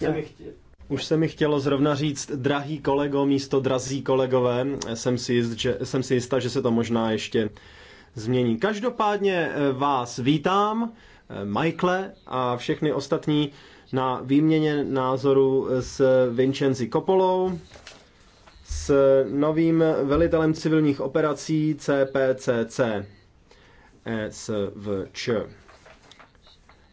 Se mi Už se mi chtělo zrovna říct, drahý kolego, místo drazí kolegové, jsem si, jist, že, jsem si jistá, že se to možná ještě změní. Každopádně eh, vás vítám, eh, Michaele a všechny ostatní na výměně názoru s Vincenzi Kopolou, s novým velitelem civilních operací CPCC, e SVČ.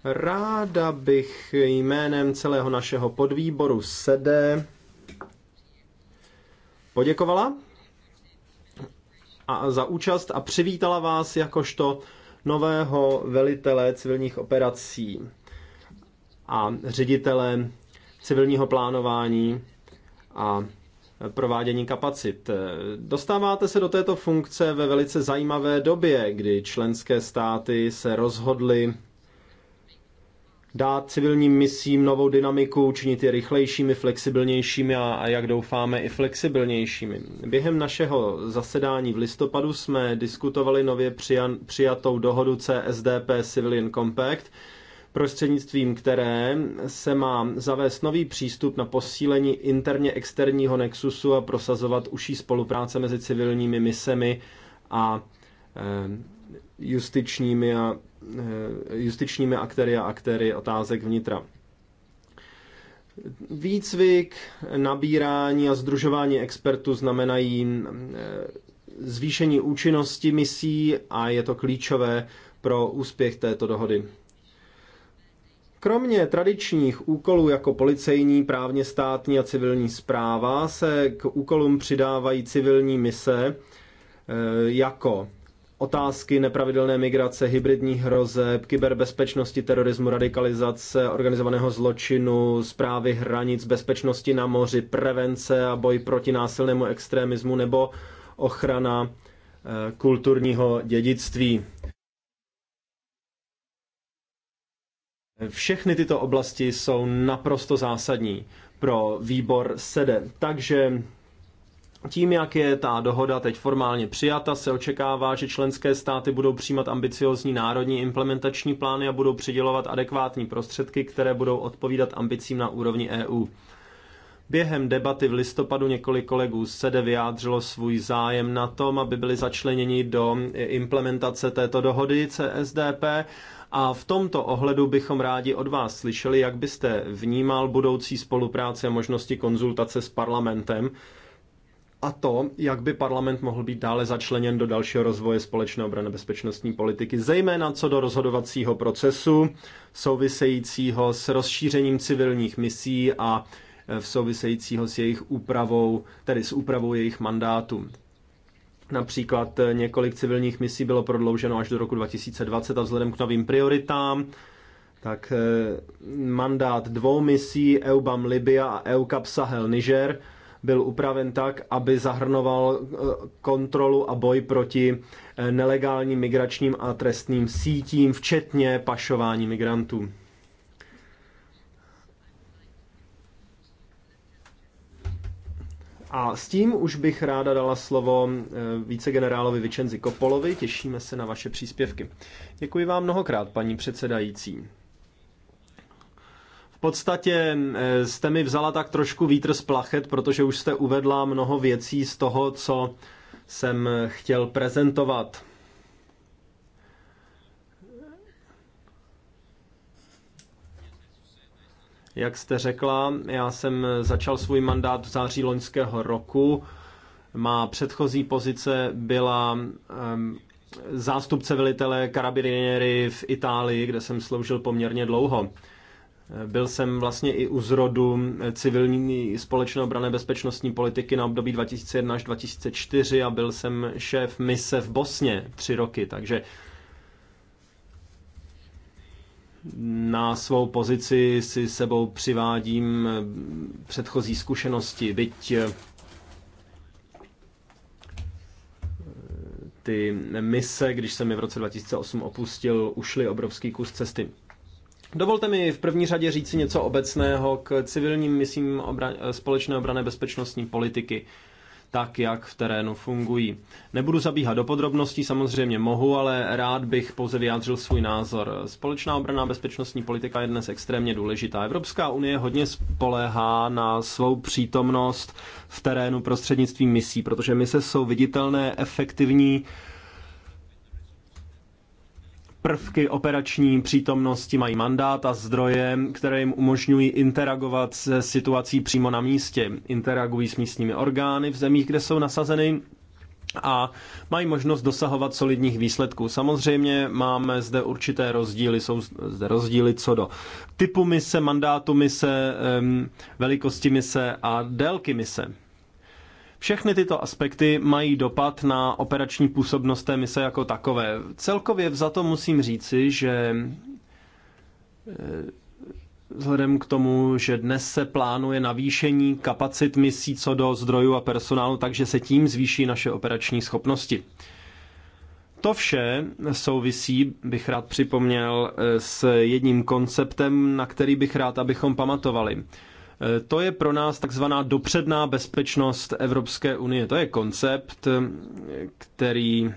Ráda bych jménem celého našeho podvýboru SEDE poděkovala a za účast a přivítala vás jakožto nového velitele civilních operací a ředitele civilního plánování a provádění kapacit. Dostáváte se do této funkce ve velice zajímavé době, kdy členské státy se rozhodly dát civilním misím novou dynamiku, učinit je rychlejšími, flexibilnějšími a, a jak doufáme i flexibilnějšími. Během našeho zasedání v listopadu jsme diskutovali nově přijan, přijatou dohodu CSDP Civilian Compact, prostřednictvím které se má zavést nový přístup na posílení interně externího nexusu a prosazovat užší spolupráce mezi civilními misemi a e, justičními a Eh, justičními aktéry a aktéry otázek vnitra. Výcvik, nabírání a združování expertů znamenají eh, zvýšení účinnosti misí a je to klíčové pro úspěch této dohody. Kromě tradičních úkolů jako policejní, právně státní a civilní zpráva se k úkolům přidávají civilní mise eh, jako otázky nepravidelné migrace, hybridních hrozeb, kyberbezpečnosti, terorismu, radikalizace, organizovaného zločinu, zprávy hranic, bezpečnosti na moři, prevence a boj proti násilnému extremismu nebo ochrana eh, kulturního dědictví. Všechny tyto oblasti jsou naprosto zásadní pro výbor SEDE. Takže tím, jak je ta dohoda teď formálně přijata, se očekává, že členské státy budou přijímat ambiciozní národní implementační plány a budou přidělovat adekvátní prostředky, které budou odpovídat ambicím na úrovni EU. Během debaty v listopadu několik kolegů z SEDE vyjádřilo svůj zájem na tom, aby byli začleněni do implementace této dohody CSDP a v tomto ohledu bychom rádi od vás slyšeli, jak byste vnímal budoucí spolupráci a možnosti konzultace s parlamentem a to, jak by parlament mohl být dále začleněn do dalšího rozvoje společné obrany bezpečnostní politiky, zejména co do rozhodovacího procesu souvisejícího s rozšířením civilních misí a eh, v souvisejícího s jejich úpravou, tedy s úpravou jejich mandátu. Například eh, několik civilních misí bylo prodlouženo až do roku 2020 a vzhledem k novým prioritám, tak eh, mandát dvou misí EUBAM Libya a EUCAP Sahel Niger – byl upraven tak, aby zahrnoval eh, kontrolu a boj proti eh, nelegálním migračním a trestným sítím, včetně pašování migrantů. A s tím už bych ráda dala slovo eh, vícegenerálovi Vičenzi Kopolovi. Těšíme se na vaše příspěvky. Děkuji vám mnohokrát, paní předsedající. V podstatě eh, jste mi vzala tak trošku vítr z plachet, protože už jste uvedla mnoho věcí z toho, co jsem chtěl prezentovat. Jak jste řekla, já jsem začal svůj mandát v září loňského roku. Má předchozí pozice byla um, zástupce velitele karabinieri v Itálii, kde jsem sloužil poměrně dlouho. Byl jsem vlastně i u zrodu civilní společné obrané bezpečnostní politiky na období 2001 až 2004 a byl jsem šéf mise v Bosně tři roky, takže na svou pozici si sebou přivádím předchozí zkušenosti, byť eh, ty mise, když jsem je v roce 2008 opustil, ušly obrovský kus cesty. Dovolte mi v první řadě říci něco obecného k civilním misím obra- společné obrané bezpečnostní politiky tak, jak v terénu fungují. Nebudu zabíhat do podrobností, samozřejmě mohu, ale rád bych pouze vyjádřil svůj názor. Společná obraná bezpečnostní politika je dnes extrémně důležitá. Evropská unie hodně spoléhá na svou přítomnost v terénu prostřednictvím misí, protože mise jsou viditelné, efektivní, prvky operační přítomnosti mají mandát a zdroje, které jim umožňují interagovat se situací přímo na místě. Interagují s místními orgány v zemích, kde jsou nasazeny a mají možnost dosahovat solidních výsledků. Samozřejmě máme zde určité rozdíly, jsou zde rozdíly co do typu mise, mandátu mise, velikosti mise a délky mise. Všechny tyto aspekty mají dopad na operační působnost té mise jako takové. Celkově za to musím říci, že eh, vzhledem k tomu, že dnes se plánuje navýšení kapacit misí co do zdrojů a personálu, takže se tím zvýší naše operační schopnosti. To vše souvisí, bych rád připomněl, eh, s jedním konceptem, na který bych rád, abychom pamatovali – Eh, to je pro nás takzvaná dopředná bezpečnost Evropské unie. To je koncept, eh, který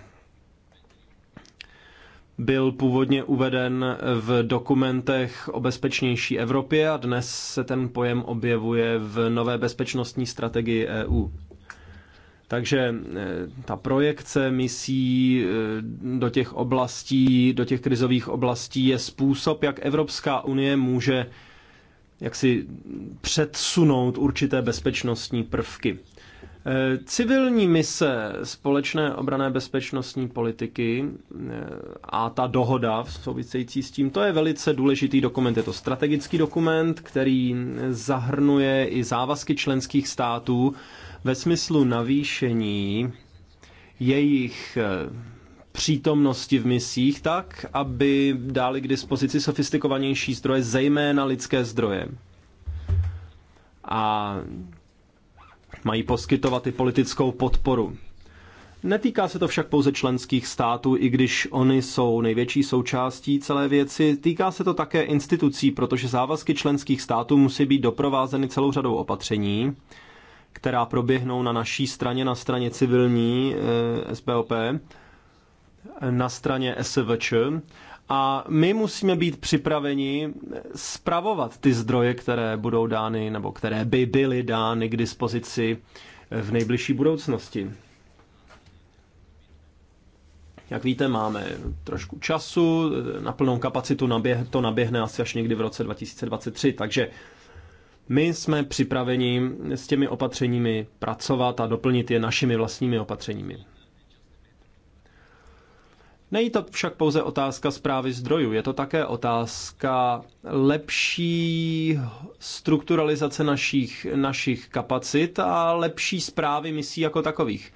byl původně uveden v dokumentech o bezpečnější Evropě a dnes se ten pojem objevuje v nové bezpečnostní strategii EU. Takže eh, ta projekce misí do těch oblastí, do těch krizových oblastí je způsob, jak Evropská unie může jak si předsunout určité bezpečnostní prvky. Eh, civilní mise společné obrané bezpečnostní politiky eh, a ta dohoda v související s tím, to je velice důležitý dokument. Je to strategický dokument, který zahrnuje i závazky členských států ve smyslu navýšení jejich eh, přítomnosti v misích tak, aby dali k dispozici sofistikovanější zdroje, zejména lidské zdroje. A mají poskytovat i politickou podporu. Netýká se to však pouze členských států, i když oni jsou největší součástí celé věci. Týká se to také institucí, protože závazky členských států musí být doprovázeny celou řadou opatření, která proběhnou na naší straně, na straně civilní eh, SPOP, na straně SVČ a my musíme být připraveni spravovat ty zdroje, které budou dány nebo které by byly dány k dispozici v nejbližší budoucnosti. Jak víte, máme trošku času, na plnou kapacitu naběh, to naběhne asi až někdy v roce 2023, takže my jsme připraveni s těmi opatřeními pracovat a doplnit je našimi vlastními opatřeními. Není to však pouze otázka zprávy zdrojů, je to také otázka lepší strukturalizace našich, našich kapacit a lepší zprávy misí jako takových.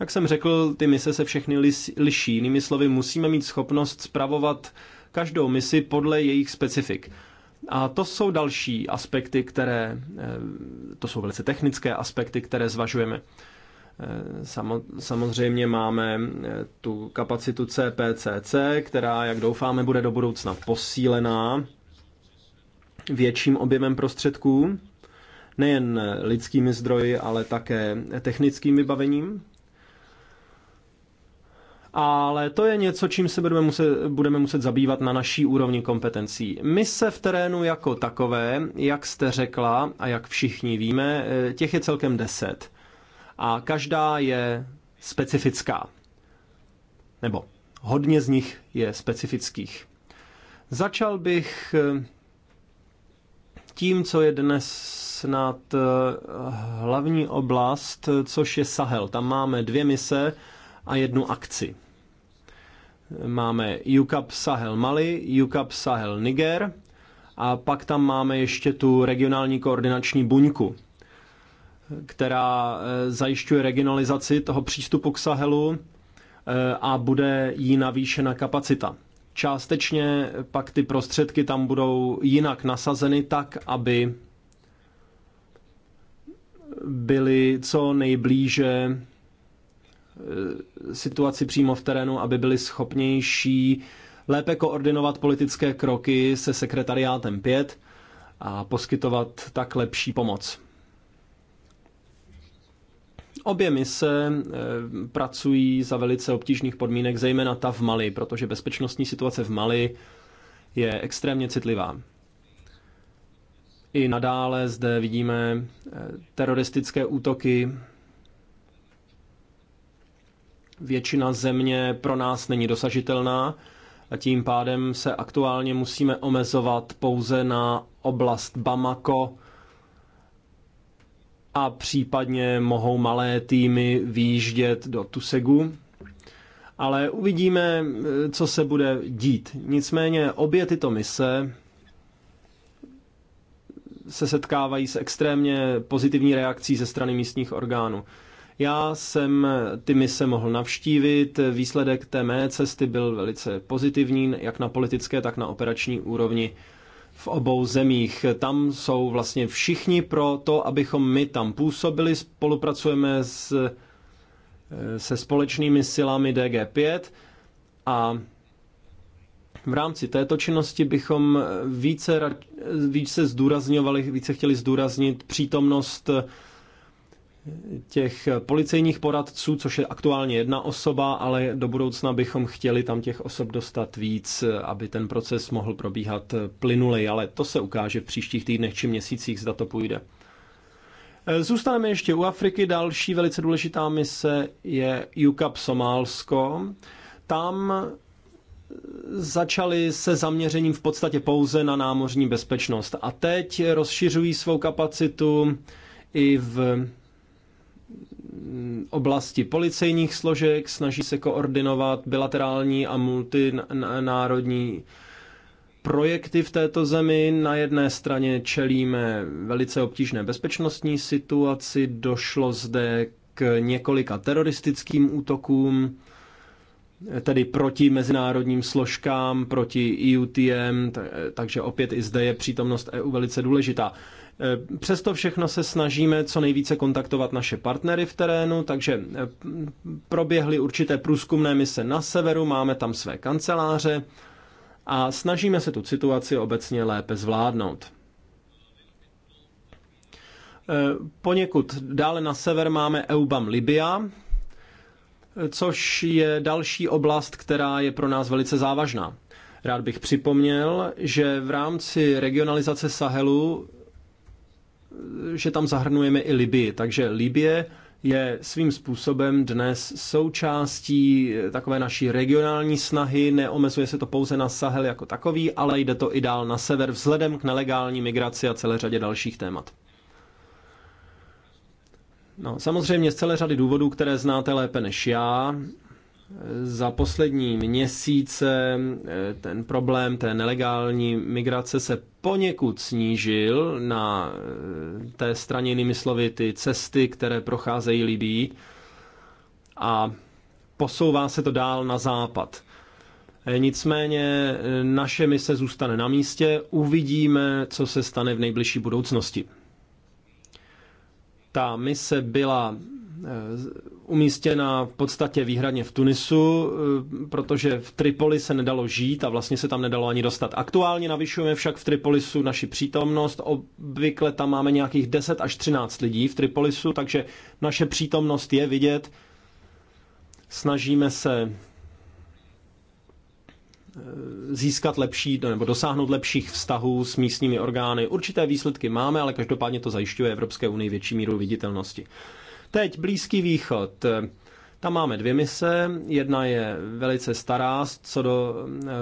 Jak jsem řekl, ty mise se všechny liší. Jinými slovy, musíme mít schopnost zpravovat každou misi podle jejich specifik. A to jsou další aspekty, které, eh, to jsou velice technické aspekty, které zvažujeme. Samozřejmě máme eh, tu kapacitu CPCC, která, jak doufáme, bude do budoucna posílená větším objemem prostředků, nejen lidskými zdroji, ale také technickým vybavením. Ale to je něco, čím se budeme muset, budeme muset zabývat na naší úrovni kompetencí. My se v terénu jako takové, jak jste řekla a jak všichni víme, eh, těch je celkem deset a každá je specifická. Nebo hodně z nich je specifických. Začal bych eh, tím, co je dnes snad eh, hlavní oblast, což je Sahel. Tam máme dvě mise a jednu akci. Máme UCAP Sahel Mali, UCAP Sahel Niger a pak tam máme ještě tu regionální koordinační buňku která eh, zajišťuje regionalizaci toho přístupu k Sahelu eh, a bude jí navýšena kapacita. Částečně pak ty prostředky tam budou jinak nasazeny tak, aby byly co nejblíže eh, situaci přímo v terénu, aby byli schopnější lépe koordinovat politické kroky se sekretariátem 5 a poskytovat tak lepší pomoc. Obě mise eh, pracují za velice obtížných podmínek, zejména ta v Mali, protože bezpečnostní situace v Mali je extrémně citlivá. I nadále zde vidíme eh, teroristické útoky. Většina země pro nás není dosažitelná a tím pádem se aktuálně musíme omezovat pouze na oblast Bamako, a případně mohou malé týmy výjíždět do Tusegu. Ale uvidíme, co se bude dít. Nicméně obě tyto mise se setkávají s extrémně pozitivní reakcí ze strany místních orgánů. Já jsem ty mise mohl navštívit, výsledek té mé cesty byl velice pozitivní, jak na politické, tak na operační úrovni v obou zemích. Tam jsou vlastně všichni pro to, abychom my tam působili, spolupracujeme s, se společnými silami DG5 a v rámci této činnosti bychom více, více zdůrazňovali, více chtěli zdůraznit přítomnost těch policejních poradců, což je aktuálně jedna osoba, ale do budoucna bychom chtěli tam těch osob dostat víc, aby ten proces mohl probíhat plynulej, ale to se ukáže v příštích týdnech či měsících, zda to půjde. Zůstaneme ještě u Afriky. Další velice důležitá mise je UCAP Somálsko. Tam začali se zaměřením v podstatě pouze na námořní bezpečnost a teď rozšiřují svou kapacitu i v oblasti policejních složek, snaží se koordinovat bilaterální a multinárodní projekty v této zemi. Na jedné straně čelíme velice obtížné bezpečnostní situaci, došlo zde k několika teroristickým útokům, tedy proti mezinárodním složkám, proti IUTM, takže opět i zde je přítomnost EU velice důležitá. Eh, přesto všechno se snažíme co nejvíce kontaktovat naše partnery v terénu, takže eh, proběhly určité průzkumné mise na severu, máme tam své kanceláře a snažíme se tu situaci obecně lépe zvládnout. Eh, poněkud dále na sever máme EUBAM Libya, což je další oblast, která je pro nás velice závažná. Rád bych připomněl, že v rámci regionalizace Sahelu že tam zahrnujeme i Libii. Takže Libie je svým způsobem dnes součástí takové naší regionální snahy. Neomezuje se to pouze na Sahel jako takový, ale jde to i dál na sever vzhledem k nelegální migraci a celé řadě dalších témat. No, samozřejmě z celé řady důvodů, které znáte lépe než já, za poslední měsíce eh, ten problém té nelegální migrace se poněkud snížil na eh, té straně, jinými slovy, ty cesty, které procházejí Libí a posouvá se to dál na západ. Eh, nicméně naše mise zůstane na místě, uvidíme, co se stane v nejbližší budoucnosti. Ta mise byla umístěna v podstatě výhradně v Tunisu, eh, protože v Tripoli se nedalo žít a vlastně se tam nedalo ani dostat. Aktuálně navyšujeme však v Tripolisu naši přítomnost. Obvykle tam máme nějakých 10 až 13 lidí v Tripolisu, takže naše přítomnost je vidět. Snažíme se eh, získat lepší nebo dosáhnout lepších vztahů s místními orgány. Určité výsledky máme, ale každopádně to zajišťuje Evropské unii větší míru viditelnosti. Teď Blízký východ. Tam máme dvě mise. Jedna je velice stará, co do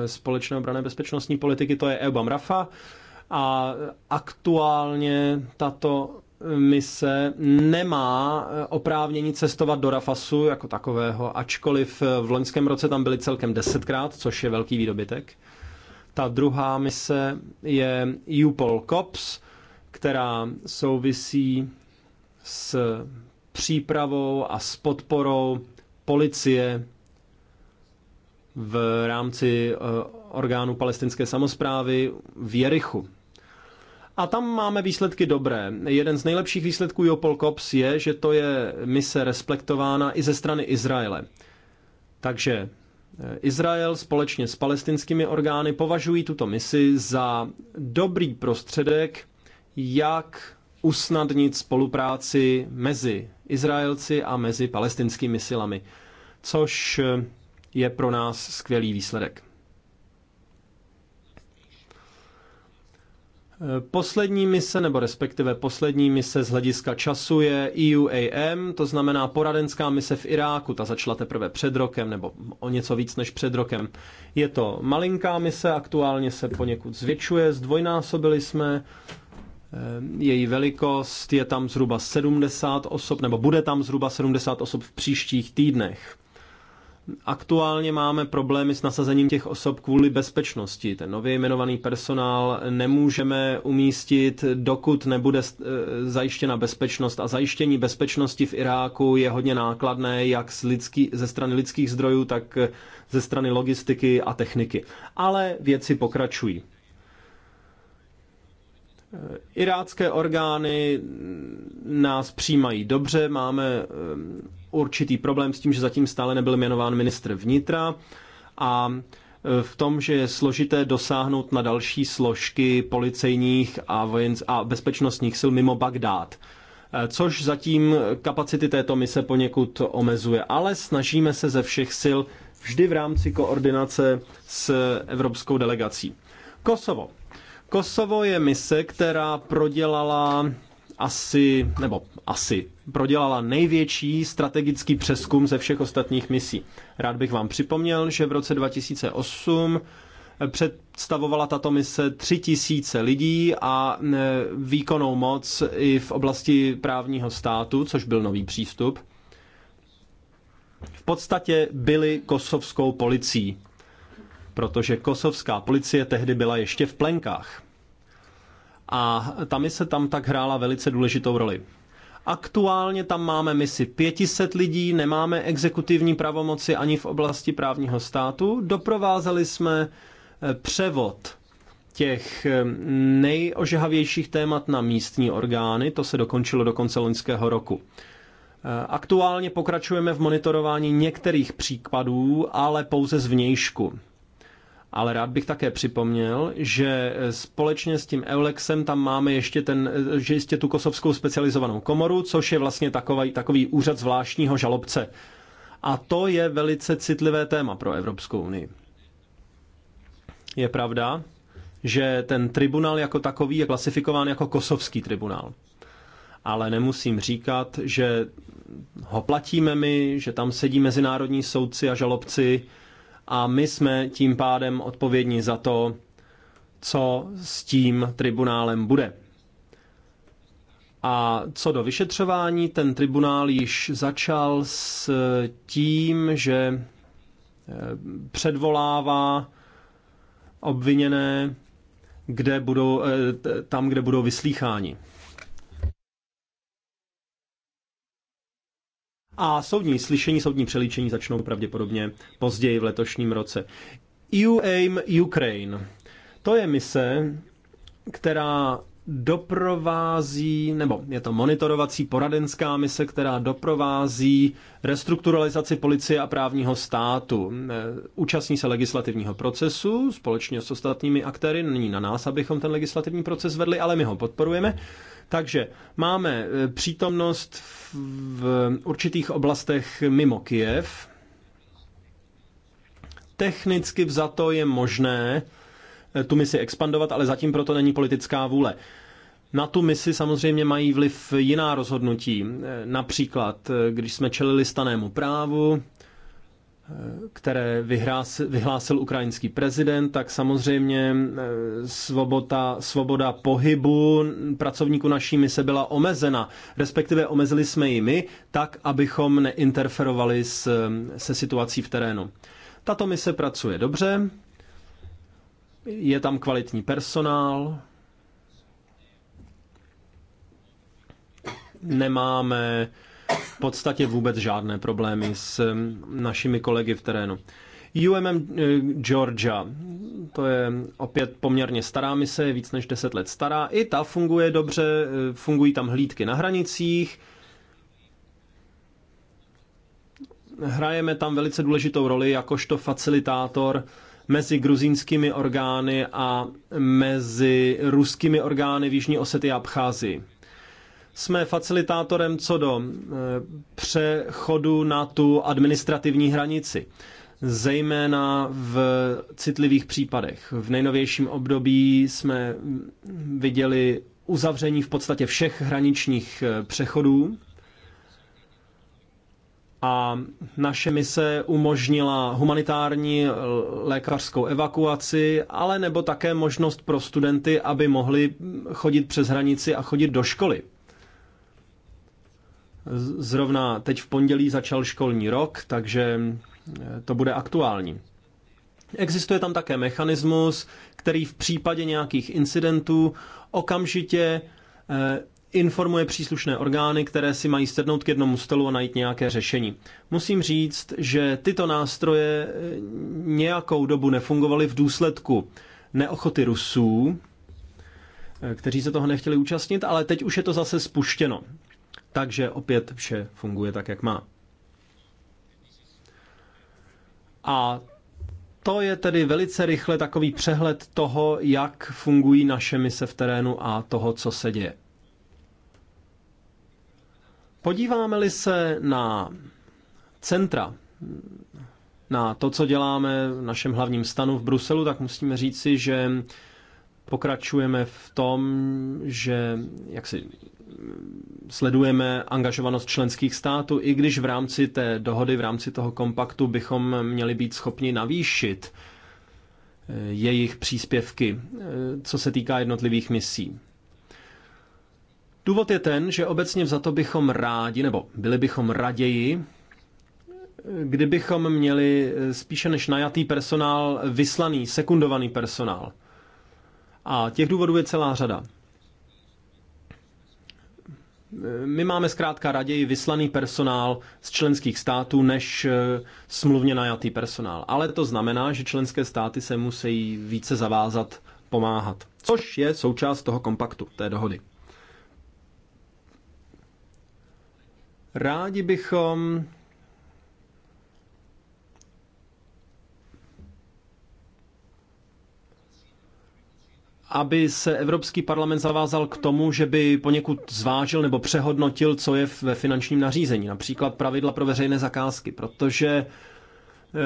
e, společné obrané bezpečnostní politiky, to je EUBAM RAFA. A aktuálně tato mise nemá e, oprávnění cestovat do Rafasu jako takového, ačkoliv e, v loňském roce tam byly celkem desetkrát, což je velký výdobytek. Ta druhá mise je EUPOL COPS, která souvisí s přípravou a s podporou policie v rámci eh, orgánu palestinské samozprávy v Jerichu. A tam máme výsledky dobré. Jeden z nejlepších výsledků Jopol Kops je, že to je mise respektována i ze strany Izraele. Takže eh, Izrael společně s palestinskými orgány považují tuto misi za dobrý prostředek, jak usnadnit spolupráci mezi Izraelci a mezi palestinskými silami, což eh, je pro nás skvělý výsledek. Eh, poslední mise, nebo respektive poslední mise z hlediska času je EUAM, to znamená poradenská mise v Iráku, ta začala teprve před rokem, nebo o něco víc než před rokem. Je to malinká mise, aktuálně se poněkud zvětšuje, zdvojnásobili jsme Eh, její velikost, je tam zhruba 70 osob, nebo bude tam zhruba 70 osob v příštích týdnech. Aktuálně máme problémy s nasazením těch osob kvůli bezpečnosti. Ten nově jmenovaný personál nemůžeme umístit, dokud nebude eh, zajištěna bezpečnost. A zajištění bezpečnosti v Iráku je hodně nákladné, jak z lidský, ze strany lidských zdrojů, tak eh, ze strany logistiky a techniky. Ale věci pokračují. Eh, irácké orgány nás přijímají dobře, máme eh, určitý problém s tím, že zatím stále nebyl jmenován ministr vnitra a eh, v tom, že je složité dosáhnout na další složky policejních a, vojensk- a bezpečnostních sil mimo Bagdád což zatím kapacity této mise poněkud omezuje, ale snažíme se ze všech sil vždy v rámci koordinace s evropskou delegací. Kosovo. Kosovo je mise, která prodělala asi, nebo asi, prodělala největší strategický přeskum ze všech ostatních misí. Rád bych vám připomněl, že v roce 2008 představovala tato mise 3000 lidí a e, výkonnou moc i v oblasti právního státu, což byl nový přístup. V podstatě byli kosovskou policií protože kosovská policie tehdy byla ještě v plenkách. A ta mise tam tak hrála velice důležitou roli. Aktuálně tam máme misi 500 lidí, nemáme exekutivní pravomoci ani v oblasti právního státu. Doprovázeli jsme eh, převod těch eh, nejožehavějších témat na místní orgány, to se dokončilo do konce loňského roku. Eh, aktuálně pokračujeme v monitorování některých případů, ale pouze z vnějšku. Ale rád bych také připomněl, že společně s tím Eulexem tam máme ještě, ten, že jistě tu kosovskou specializovanou komoru, což je vlastně takový, takový úřad zvláštního žalobce. A to je velice citlivé téma pro Evropskou unii. Je pravda, že ten tribunál jako takový je klasifikován jako kosovský tribunál. Ale nemusím říkat, že ho platíme my, že tam sedí mezinárodní soudci a žalobci, a my jsme tím pádem odpovědní za to, co s tím tribunálem bude. A co do vyšetřování, ten tribunál již začal s tím, že eh, předvolává obviněné, kde budou, eh, tam, kde budou vyslýcháni. a soudní slyšení, soudní přelíčení začnou pravděpodobně později v letošním roce. EU Aim Ukraine. To je mise, která doprovází, nebo je to monitorovací poradenská mise, která doprovází restrukturalizaci policie a právního státu. Účastní se legislativního procesu společně s ostatními aktéry. Není na nás, abychom ten legislativní proces vedli, ale my ho podporujeme. Takže máme eh, přítomnost v určitých oblastech mimo Kiev. Technicky vzato je možné eh, tu misi expandovat, ale zatím proto není politická vůle. Na tu misi samozřejmě mají vliv jiná rozhodnutí. Eh, například, když jsme čelili stanému právu, které vyhrás, vyhlásil ukrajinský prezident, tak samozřejmě e, svoboda, svoboda pohybu pracovníků naší mise byla omezena. Respektive omezili jsme ji my, tak, abychom neinterferovali s, se situací v terénu. Tato mise pracuje dobře, je tam kvalitní personál, nemáme podstatě vůbec žádné problémy s eh, našimi kolegy v terénu. UMM Georgia, to je opět poměrně stará mise, je víc než 10 let stará. I ta funguje dobře, eh, fungují tam hlídky na hranicích. Hrajeme tam velice důležitou roli jakožto facilitátor mezi gruzínskými orgány a mezi ruskými orgány v Jižní Osety a Abcházii jsme facilitátorem co do eh, přechodu na tu administrativní hranici zejména v citlivých případech. V nejnovějším období jsme viděli uzavření v podstatě všech hraničních eh, přechodů a naše mise umožnila humanitární lékařskou evakuaci, ale nebo také možnost pro studenty, aby mohli chodit přes hranici a chodit do školy. Zrovna teď v pondělí začal školní rok, takže eh, to bude aktuální. Existuje tam také mechanismus, který v případě nějakých incidentů okamžitě eh, informuje příslušné orgány, které si mají sednout k jednomu stolu a najít nějaké řešení. Musím říct, že tyto nástroje eh, nějakou dobu nefungovaly v důsledku neochoty Rusů, kteří se toho nechtěli účastnit, ale teď už je to zase spuštěno. Takže opět vše funguje tak, jak má. A to je tedy velice rychle takový přehled toho, jak fungují naše mise v terénu a toho, co se děje. Podíváme-li se na centra, na to, co děláme v našem hlavním stanu v Bruselu, tak musíme říci, že Pokračujeme v tom, že jak si sledujeme angažovanost členských států, i když v rámci té dohody, v rámci toho kompaktu bychom měli být schopni navýšit eh, jejich příspěvky, eh, co se týká jednotlivých misí. Důvod je ten, že obecně za to bychom rádi, nebo byli bychom raději, kdybychom měli eh, spíše než najatý personál vyslaný, sekundovaný personál – a těch důvodů je celá řada. My máme zkrátka raději vyslaný personál z členských států než eh, smluvně najatý personál. Ale to znamená, že členské státy se musí více zavázat pomáhat, což je součást toho kompaktu, té dohody. Rádi bychom aby se Evropský parlament zavázal k tomu, že by poněkud zvážil nebo přehodnotil, co je ve finančním nařízení, například pravidla pro veřejné zakázky, protože eh,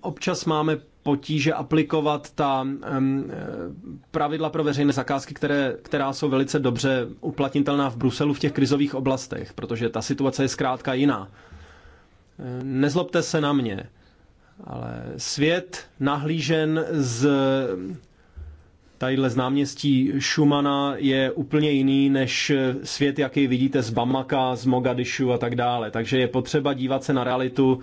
občas máme potíže aplikovat ta eh, pravidla pro veřejné zakázky, které, která jsou velice dobře uplatnitelná v Bruselu v těch krizových oblastech, protože ta situace je zkrátka jiná. Eh, nezlobte se na mě, ale svět nahlížen z tadyhle z náměstí Šumana je úplně jiný než svět, jaký vidíte z Bamaka, z Mogadišu a tak dále. Takže je potřeba dívat se na realitu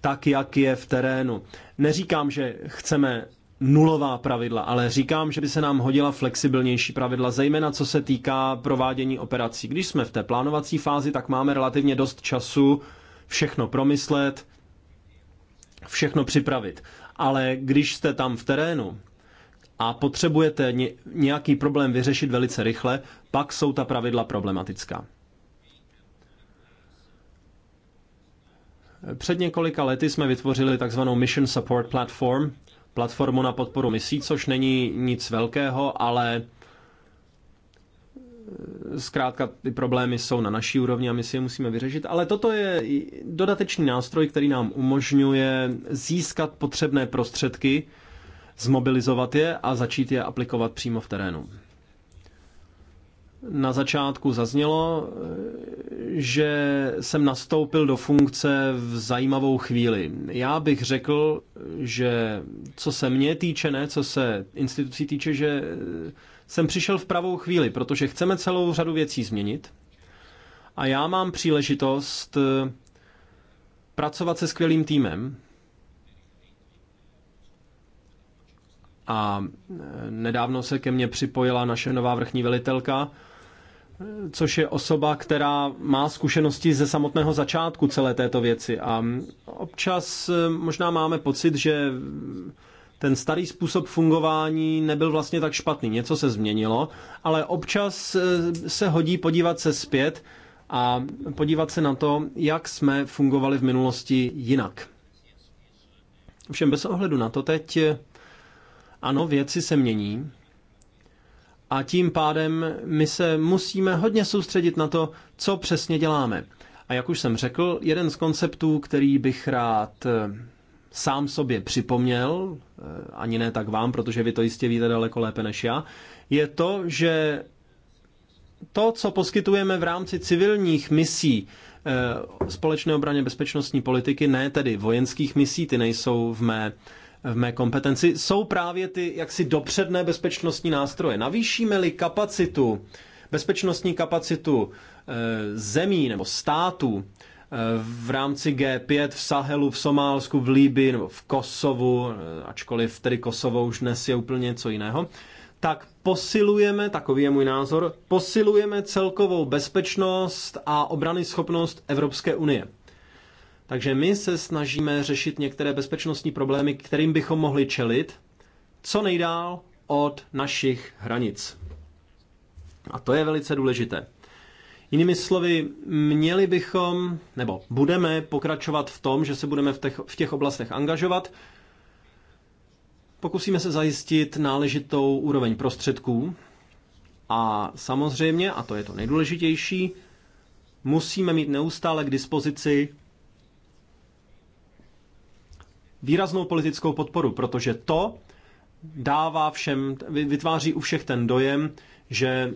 tak, jak je v terénu. Neříkám, že chceme nulová pravidla, ale říkám, že by se nám hodila flexibilnější pravidla, zejména co se týká provádění operací. Když jsme v té plánovací fázi, tak máme relativně dost času všechno promyslet, všechno připravit. Ale když jste tam v terénu, a potřebujete nějaký problém vyřešit velice rychle, pak jsou ta pravidla problematická. Před několika lety jsme vytvořili takzvanou Mission Support Platform, platformu na podporu misí, což není nic velkého, ale e, zkrátka ty problémy jsou na naší úrovni a my si je musíme vyřešit, ale toto je dodatečný nástroj, který nám umožňuje získat potřebné prostředky zmobilizovat je a začít je aplikovat přímo v terénu. Na začátku zaznělo, že jsem nastoupil do funkce v zajímavou chvíli. Já bych řekl, že co se mě týče, ne co se institucí týče, že jsem přišel v pravou chvíli, protože chceme celou řadu věcí změnit. A já mám příležitost eh, pracovat se skvělým týmem, A e, nedávno se ke mně připojila naše nová vrchní velitelka, e, což je osoba, která má zkušenosti ze samotného začátku celé této věci. A občas e, možná máme pocit, že ten starý způsob fungování nebyl vlastně tak špatný, něco se změnilo, ale občas se hodí podívat se zpět a podívat se na to, jak jsme fungovali v minulosti jinak. Všem bez ohledu na to teď ano, věci se mění. A tím pádem my se musíme hodně soustředit na to, co přesně děláme. A jak už jsem řekl, jeden z konceptů, který bych rád eh, sám sobě připomněl, eh, ani ne tak vám, protože vy to jistě víte daleko lépe než já, je to, že to, co poskytujeme v rámci civilních misí eh, společné obraně bezpečnostní politiky, ne tedy vojenských misí, ty nejsou v mé v mé kompetenci, jsou právě ty jaksi dopředné bezpečnostní nástroje. Navýšíme-li kapacitu, bezpečnostní kapacitu eh, zemí nebo států eh, v rámci G5 v Sahelu, v Somálsku, v Líbii nebo v Kosovu, eh, ačkoliv tedy Kosovo už dnes je úplně něco jiného, tak posilujeme, takový je můj názor, posilujeme celkovou bezpečnost a obrany schopnost Evropské unie. Takže my se snažíme řešit některé bezpečnostní problémy, kterým bychom mohli čelit, co nejdál od našich hranic. A to je velice důležité. Jinými slovy, měli bychom, nebo budeme pokračovat v tom, že se budeme v těch, v těch oblastech angažovat. Pokusíme se zajistit náležitou úroveň prostředků. A samozřejmě, a to je to nejdůležitější, musíme mít neustále k dispozici výraznou politickou podporu, protože to dává všem, vytváří u všech ten dojem, že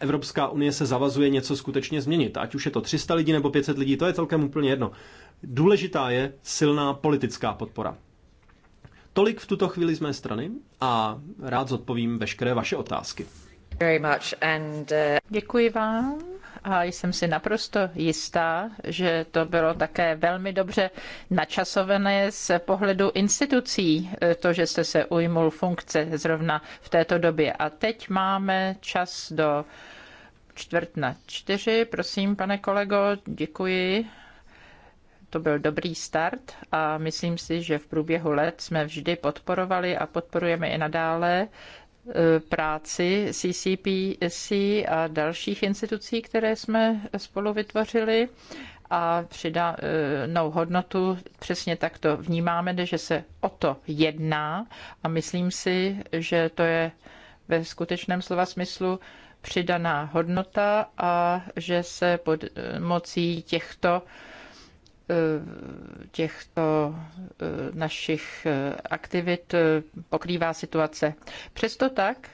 Evropská unie se zavazuje něco skutečně změnit. Ať už je to 300 lidí nebo 500 lidí, to je celkem úplně jedno. Důležitá je silná politická podpora. Tolik v tuto chvíli z mé strany a rád zodpovím veškeré vaše otázky. Eh, Děkuji vám a jsem si naprosto jistá, že to bylo také velmi dobře načasované z pohledu institucí, e, to, že jste se ujmul funkce zrovna v této době. A teď máme čas do čtvrt na čtyři. Prosím, pane kolego, děkuji. To byl dobrý start a myslím si, že v průběhu let jsme vždy podporovali a podporujeme i nadále E, práci CCPC a dalších institucí, které jsme spolu vytvořili a přidanou e, hodnotu přesně takto vnímáme, že se o to jedná a myslím si, že to je ve skutečném slova smyslu přidaná hodnota a že se pod e, mocí těchto Eh, těchto eh, našich eh, aktivit pokrývá situace. Přesto tak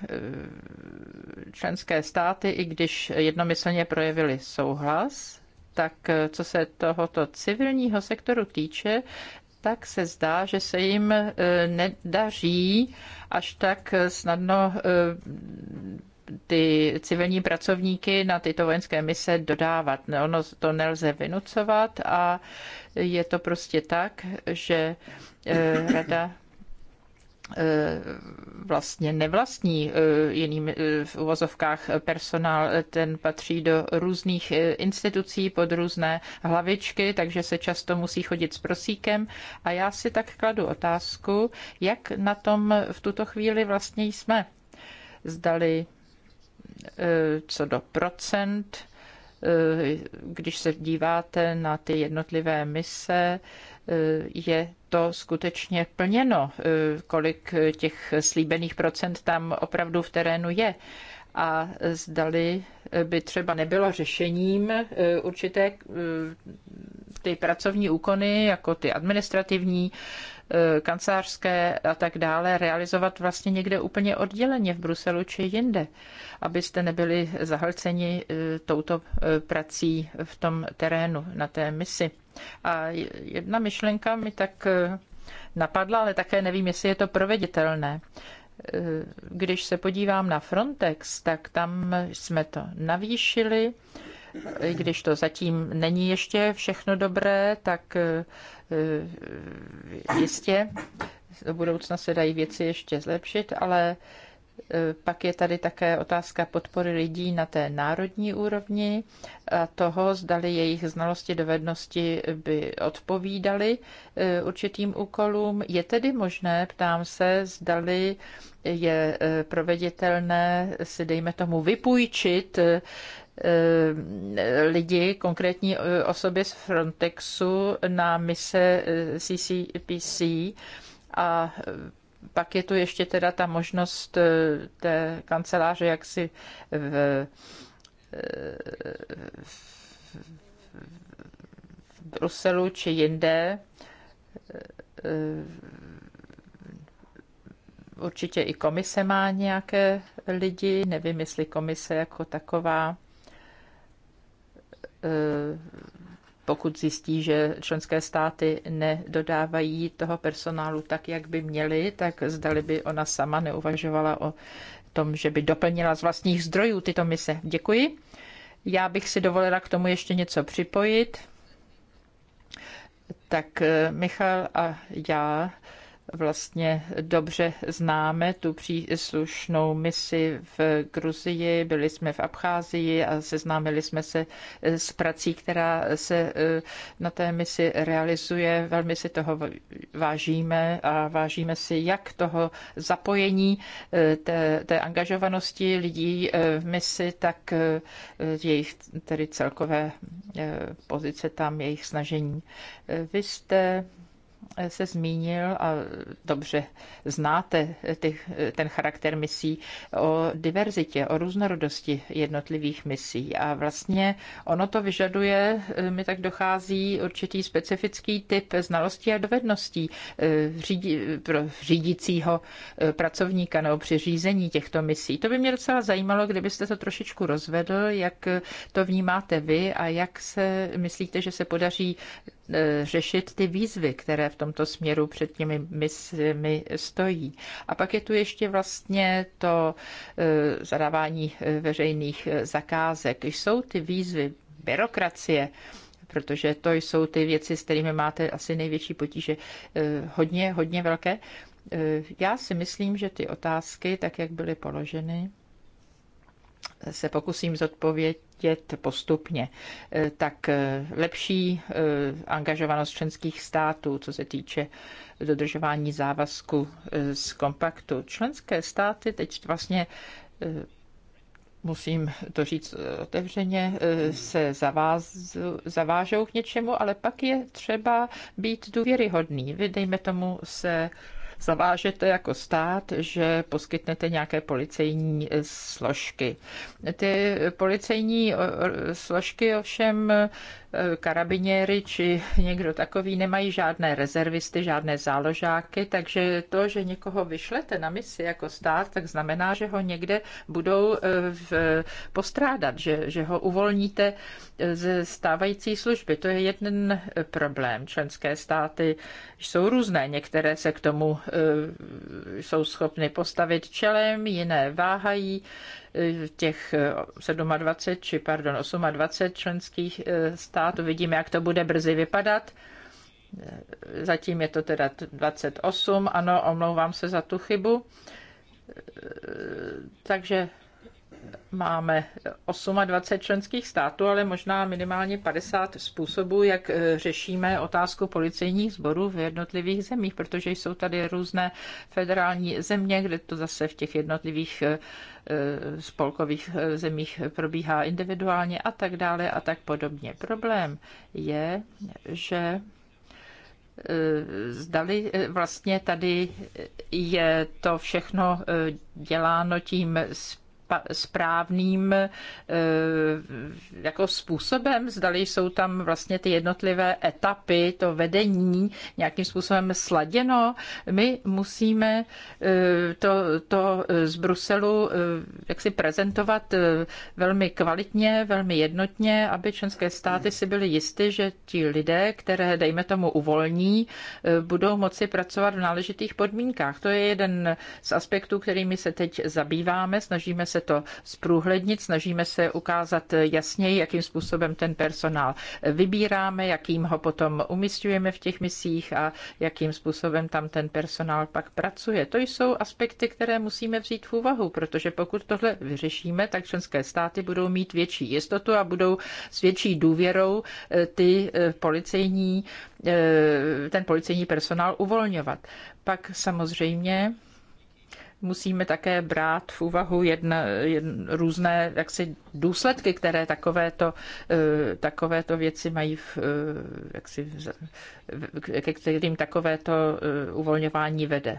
členské státy, i když jednomyslně projevili souhlas, tak co se tohoto civilního sektoru týče, tak se zdá, že se jim nedaří až tak snadno ty civilní pracovníky na tyto vojenské mise dodávat. Ono to nelze vynucovat a je to prostě tak, že eh, rada eh, vlastně nevlastní eh, jiným v uvozovkách personál, ten patří do různých institucí pod různé hlavičky, takže se často musí chodit s prosíkem a já si tak kladu otázku, jak na tom v tuto chvíli vlastně jsme. Zdali Eh, co do procent, eh, když se díváte na ty jednotlivé mise, eh, je to skutečně plněno, kolik těch slíbených procent tam opravdu v terénu je. A zdali by třeba nebylo řešením určité ty pracovní úkony, jako ty administrativní, Eh, kancelářské a tak dále realizovat vlastně někde úplně odděleně v Bruselu či jinde, abyste nebyli zahlceni eh, touto eh, prací v tom terénu, na té misi. A jedna myšlenka mi tak napadla, ale také nevím, jestli je to proveditelné. Když se podívám na Frontex, tak tam jsme to navýšili i když to zatím není ještě všechno dobré, tak eh, eh, jistě do budoucna se dají věci ještě zlepšit, ale eh, pak je tady také otázka podpory lidí na té národní úrovni a toho, zdali jejich znalosti, dovednosti by odpovídaly určitým úkolům. Je tedy možné, ptám se, zdali je proveditelné si, dejme tomu, vypůjčit Eh, lidi, konkrétní eh, osoby z Frontexu na mise CCPC eh, a pak je tu ještě teda ta možnost té kanceláře jaksi v, v Bruselu či jinde. Určitě i komise má nějaké lidi, nevím, jestli komise jako taková pokud zjistí, že členské státy nedodávají toho personálu tak, jak by měly, tak zdali by ona sama neuvažovala o tom, že by doplnila z vlastních zdrojů tyto mise. Děkuji. Já bych si dovolila k tomu ještě něco připojit. Tak eh, Michal a já vlastně dobře známe tu příslušnou misi v Gruzii, byli jsme v Abcházii a seznámili jsme se s prací, která se eh, na té misi realizuje. Velmi si toho vážíme a vážíme si jak toho zapojení eh, té, té angažovanosti lidí eh, v misi, tak jejich tedy celkové pozice tam, jejich snažení. Vy jste se zmínil a dobře znáte ty, ten charakter misí o diverzitě, o různorodosti jednotlivých misí. A vlastně ono to vyžaduje, mi tak dochází určitý specifický typ znalostí a dovedností eh, řídí, pro řídícího eh, pracovníka nebo při řízení těchto misí. To by mě docela zajímalo, kdybyste to trošičku rozvedl, jak to vnímáte vy a jak se myslíte, že se podaří E, řešit ty výzvy, které v tomto směru před těmi misemi stojí. A pak je tu ještě vlastně to e, zadávání e, veřejných zakázek. Jsou ty výzvy byrokracie, protože to jsou ty věci, s kterými máte asi největší potíže, hodně, hodně velké. Já si myslím, že ty otázky, tak jak byly položeny, se pokusím zodpovědět postupně. Eh, tak eh, lepší eh, angažovanost členských států, co se týče dodržování závazku z kompaktu. Členské státy teď vlastně musím to říct otevřeně, se zaváz, zavážou k něčemu, ale pak je třeba být důvěryhodný. Vydejme tomu, se zavážete jako stát, že poskytnete nějaké policejní eh, složky. Ty policejní eh, složky ovšem Eh, karabiněry či někdo takový nemají žádné rezervisty, žádné záložáky, takže to, že někoho vyšlete na misi jako stát, tak znamená, že ho někde budou eh, v, postrádat, že, že ho uvolníte eh, ze stávající služby. To je jeden problém. Členské státy jsou různé, některé se k tomu jsou schopny postavit čelem, jiné váhají těch 27 eh, či pardon 28 členských eh, států. Vidíme, jak to bude brzy vypadat. Eh, zatím je to teda 28, ano, omlouvám se za tu chybu. Takže máme 28 členských států, ale možná minimálně 50 způsobů, jak eh, řešíme otázku policejních sborů v jednotlivých zemích, protože jsou tady různé federální země, kde to zase v těch jednotlivých eh, eh, spolkových zemích probíhá individuálně a tak dále a tak podobně. Problém je, že zdali vlastně tady je to všechno děláno tím spíš, správným eh, jako způsobem, zdali jsou tam vlastně ty jednotlivé etapy, to vedení nějakým způsobem sladěno. My musíme eh, to, to eh, z Bruselu jak si prezentovat velmi kvalitně, velmi jednotně, aby členské státy si byly jisty, že ti lidé, které, dejme tomu, uvolní, budou moci pracovat v náležitých podmínkách. To je jeden z aspektů, kterými se teď zabýváme. Snažíme se to zprůhlednit, snažíme se ukázat jasněji, jakým způsobem ten personál vybíráme, jakým ho potom umistujeme v těch misích a jakým způsobem tam ten personál pak pracuje. To jsou aspekty, které musíme vzít v úvahu, protože pokud tohle vyřešíme, tak členské státy budou mít větší jistotu a budou s větší důvěrou eh, ty eh, policejní, eh, ten policejní personál uvolňovat. Pak samozřejmě musíme také brát v úvahu jedna, jedna, různé jaksi, důsledky, které takovéto, eh, takovéto věci mají, v, eh, jaksi, ke kterým takovéto eh, uvolňování vede.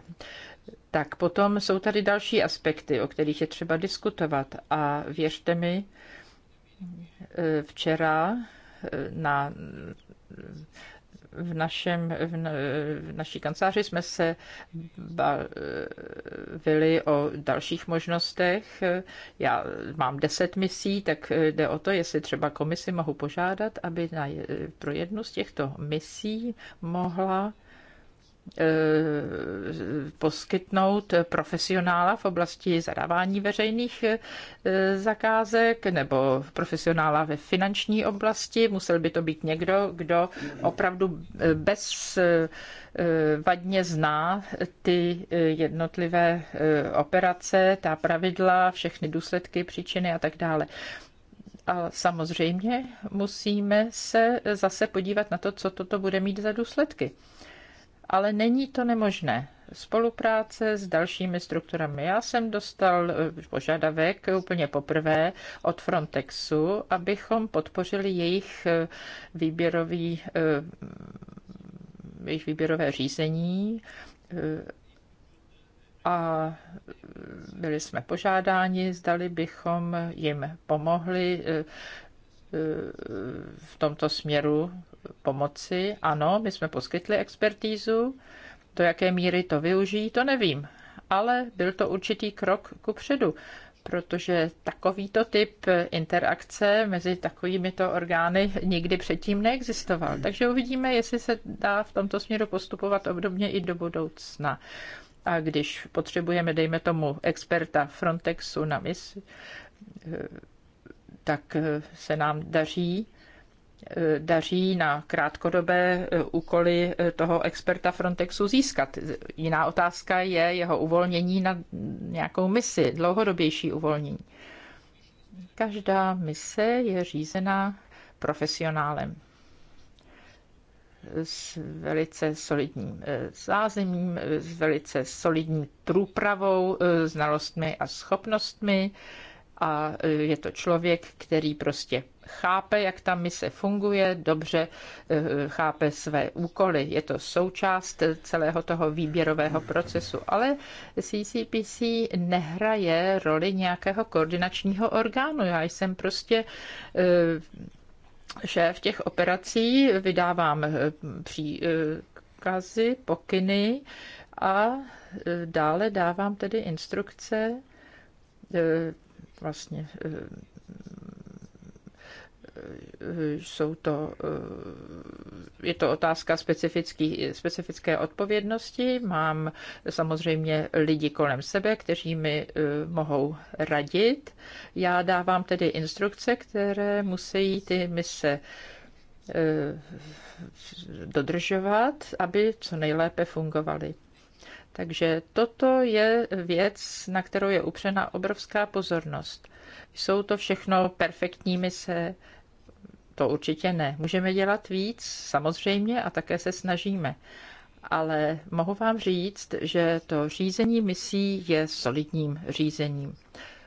Tak potom jsou tady další aspekty, o kterých je třeba diskutovat. A věřte mi, včera na v, našem, v, na, v naší kanceláři jsme se bavili o dalších možnostech. Já mám deset misí, tak jde o to, jestli třeba komisi mohu požádat, aby na, pro jednu z těchto misí mohla Eh, poskytnout profesionála v oblasti zadávání veřejných eh, zakázek nebo profesionála ve finanční oblasti. Musel by to být někdo, kdo opravdu eh, bez vadně zná ty jednotlivé operace, ta pravidla, všechny důsledky, příčiny a tak dále. A samozřejmě musíme se zase podívat na to, co toto bude mít za důsledky ale není to nemožné. Spolupráce s dalšími strukturami. Já jsem dostal eh, požadavek úplně poprvé od Frontexu, abychom podpořili jejich eh, výběrový, eh, jejich výběrové řízení a byli jsme požádáni, zdali bychom jim pomohli v tomto směru pomoci. Ano, my jsme poskytli expertízu, do jaké míry to využijí, to nevím. Ale byl to určitý krok ku předu, protože takovýto typ interakce mezi takovými to orgány nikdy předtím neexistoval. Takže uvidíme, jestli se dá v tomto směru postupovat obdobně i do budoucna. A když potřebujeme, dejme tomu, experta Frontexu na misi, eh, tak eh, se nám daří daří na krátkodobé e, úkoly e, toho experta Frontexu získat. Jiná otázka je jeho uvolnění na nějakou misi, dlouhodobější uvolnění. Každá mise je řízená profesionálem s velice solidním e, zázemím, s velice solidní průpravou, znalostmi a schopnostmi a je to člověk, který prostě chápe, jak ta mise funguje, dobře eh, chápe své úkoly. Je to součást celého toho výběrového procesu, ale CCPC nehraje roli nějakého koordinačního orgánu. Já jsem prostě eh, šéf těch operací, vydávám eh, příkazy, pokyny a dále dávám tedy instrukce vlastně jsou to, eh, je to otázka specifické odpovědnosti. Mám samozřejmě lidi kolem sebe, kteří mi eh, mohou radit. Já dávám tedy instrukce, které musí ty mise eh, dodržovat, aby co nejlépe fungovaly. Takže toto je věc, na kterou je upřena obrovská pozornost. Jsou to všechno perfektní mise, to určitě ne. Můžeme dělat víc, samozřejmě, a také se snažíme. Ale mohu vám říct, že to řízení misí je solidním řízením.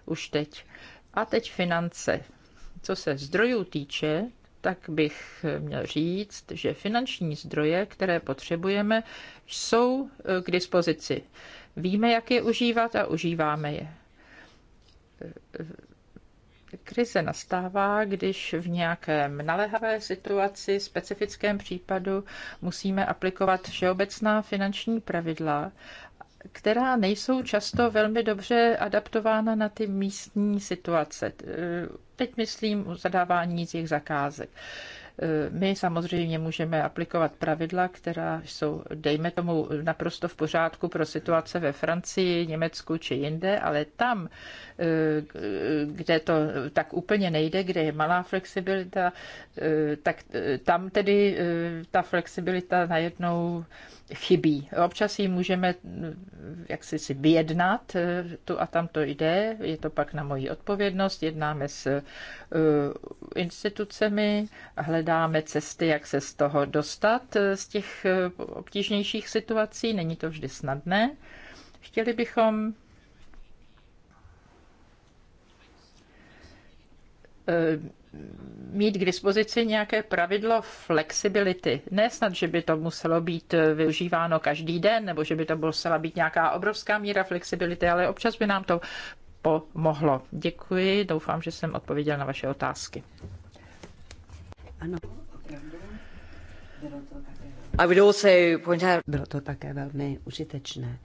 Už teď. A teď finance. Co se zdrojů týče, tak bych měl říct, že finanční zdroje, které potřebujeme, jsou e, k dispozici. Víme, jak je užívat a užíváme je Krize nastává, když v nějakém naléhavé situaci, specifickém případu musíme aplikovat všeobecná finanční pravidla, která nejsou často velmi dobře adaptována na ty místní situace. Teď myslím o zadávání z jejich zakázek. My samozřejmě můžeme aplikovat pravidla, která jsou, dejme tomu, naprosto v pořádku pro situace ve Francii, Německu či jinde, ale tam, eh, kde to tak úplně nejde, kde je malá flexibilita, eh, tak eh, tam tedy ta flexibilita najednou chybí. Občas ji můžeme jaksi si vyjednat, eh, tu a tam to jde, je to pak na moji odpovědnost, jednáme s eh, institucemi, hledáme cesty, jak se z toho dostat, eh, z těch obtížnějších situací, není to vždy snadné. Chtěli bychom mít k dispozici nějaké pravidlo flexibility. Ne snad, že by to muselo být eh, využíváno každý den, nebo že by to musela být nějaká obrovská míra flexibility, ale občas by nám to pomohlo. Děkuji, doufám, že jsem odpověděl na vaše otázky. Ano, bylo to také velmi užitečné.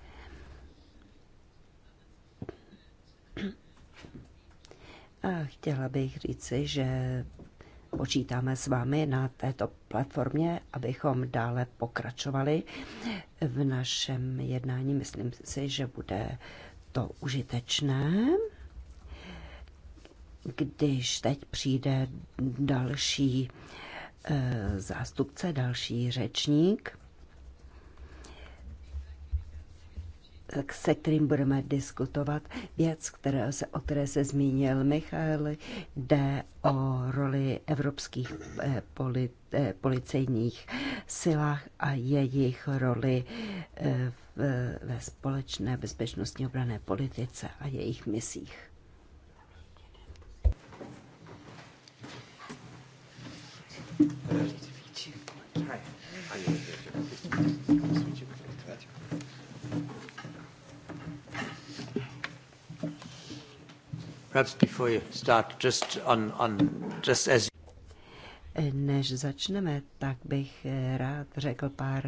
A chtěla bych říci, že počítáme s vámi na této platformě, abychom dále pokračovali v našem jednání. Myslím si, že bude to užitečné. Když teď přijde další eh, zástupce, další řečník, se kterým budeme diskutovat. Věc, která se, o které se zmínil Michal, jde o roli evropských eh, polit, eh, policejních silách a jejich roli eh, v, ve společné bezpečnostní obrané politice a jejich misích. you. než začneme, tak bych eh, rád řekl pár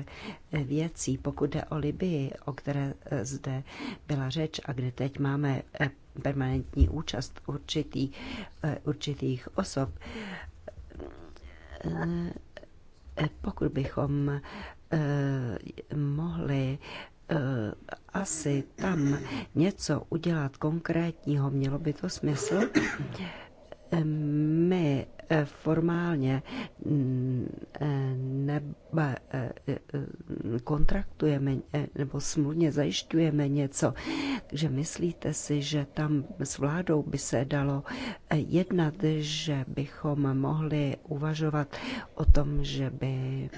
eh, věcí, pokud jde o Libii, o které eh, zde byla řeč a kde teď máme permanentní účast určitý, určitých osob. Pokud bychom mohli Eh, asi tam něco udělat konkrétního, mělo by to smysl. Eh, my Eh, formálně mm, eh, nebo eh, kontraktujeme nebo smluvně zajišťujeme něco, že myslíte si, že tam s vládou by se dalo jednat, že bychom mohli uvažovat o tom, že by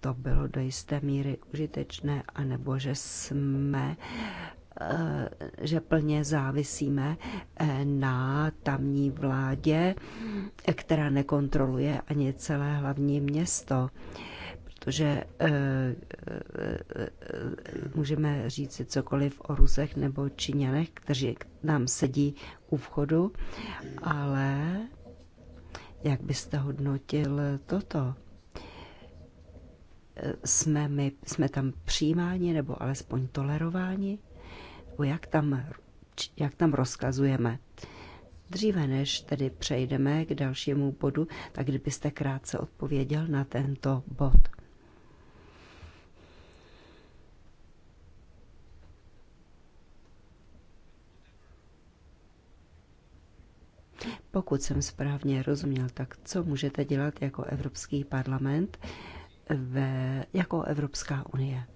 to bylo do jisté míry užitečné, anebo že jsme Eh, že plně závisíme eh, na tamní vládě, která nekontroluje ani celé hlavní město protože eh, můžeme říct si cokoliv o Rusech nebo Číňanech, kteří nám sedí u vchodu, ale jak byste hodnotil toto? Jsme, my, jsme tam přijímáni nebo alespoň tolerováni? jak tam, jak tam rozkazujeme. Dříve než tedy přejdeme k dalšímu bodu, tak kdybyste krátce odpověděl na tento bod. Pokud jsem správně rozuměl, tak co můžete dělat jako Evropský parlament, ve, jako Evropská unie?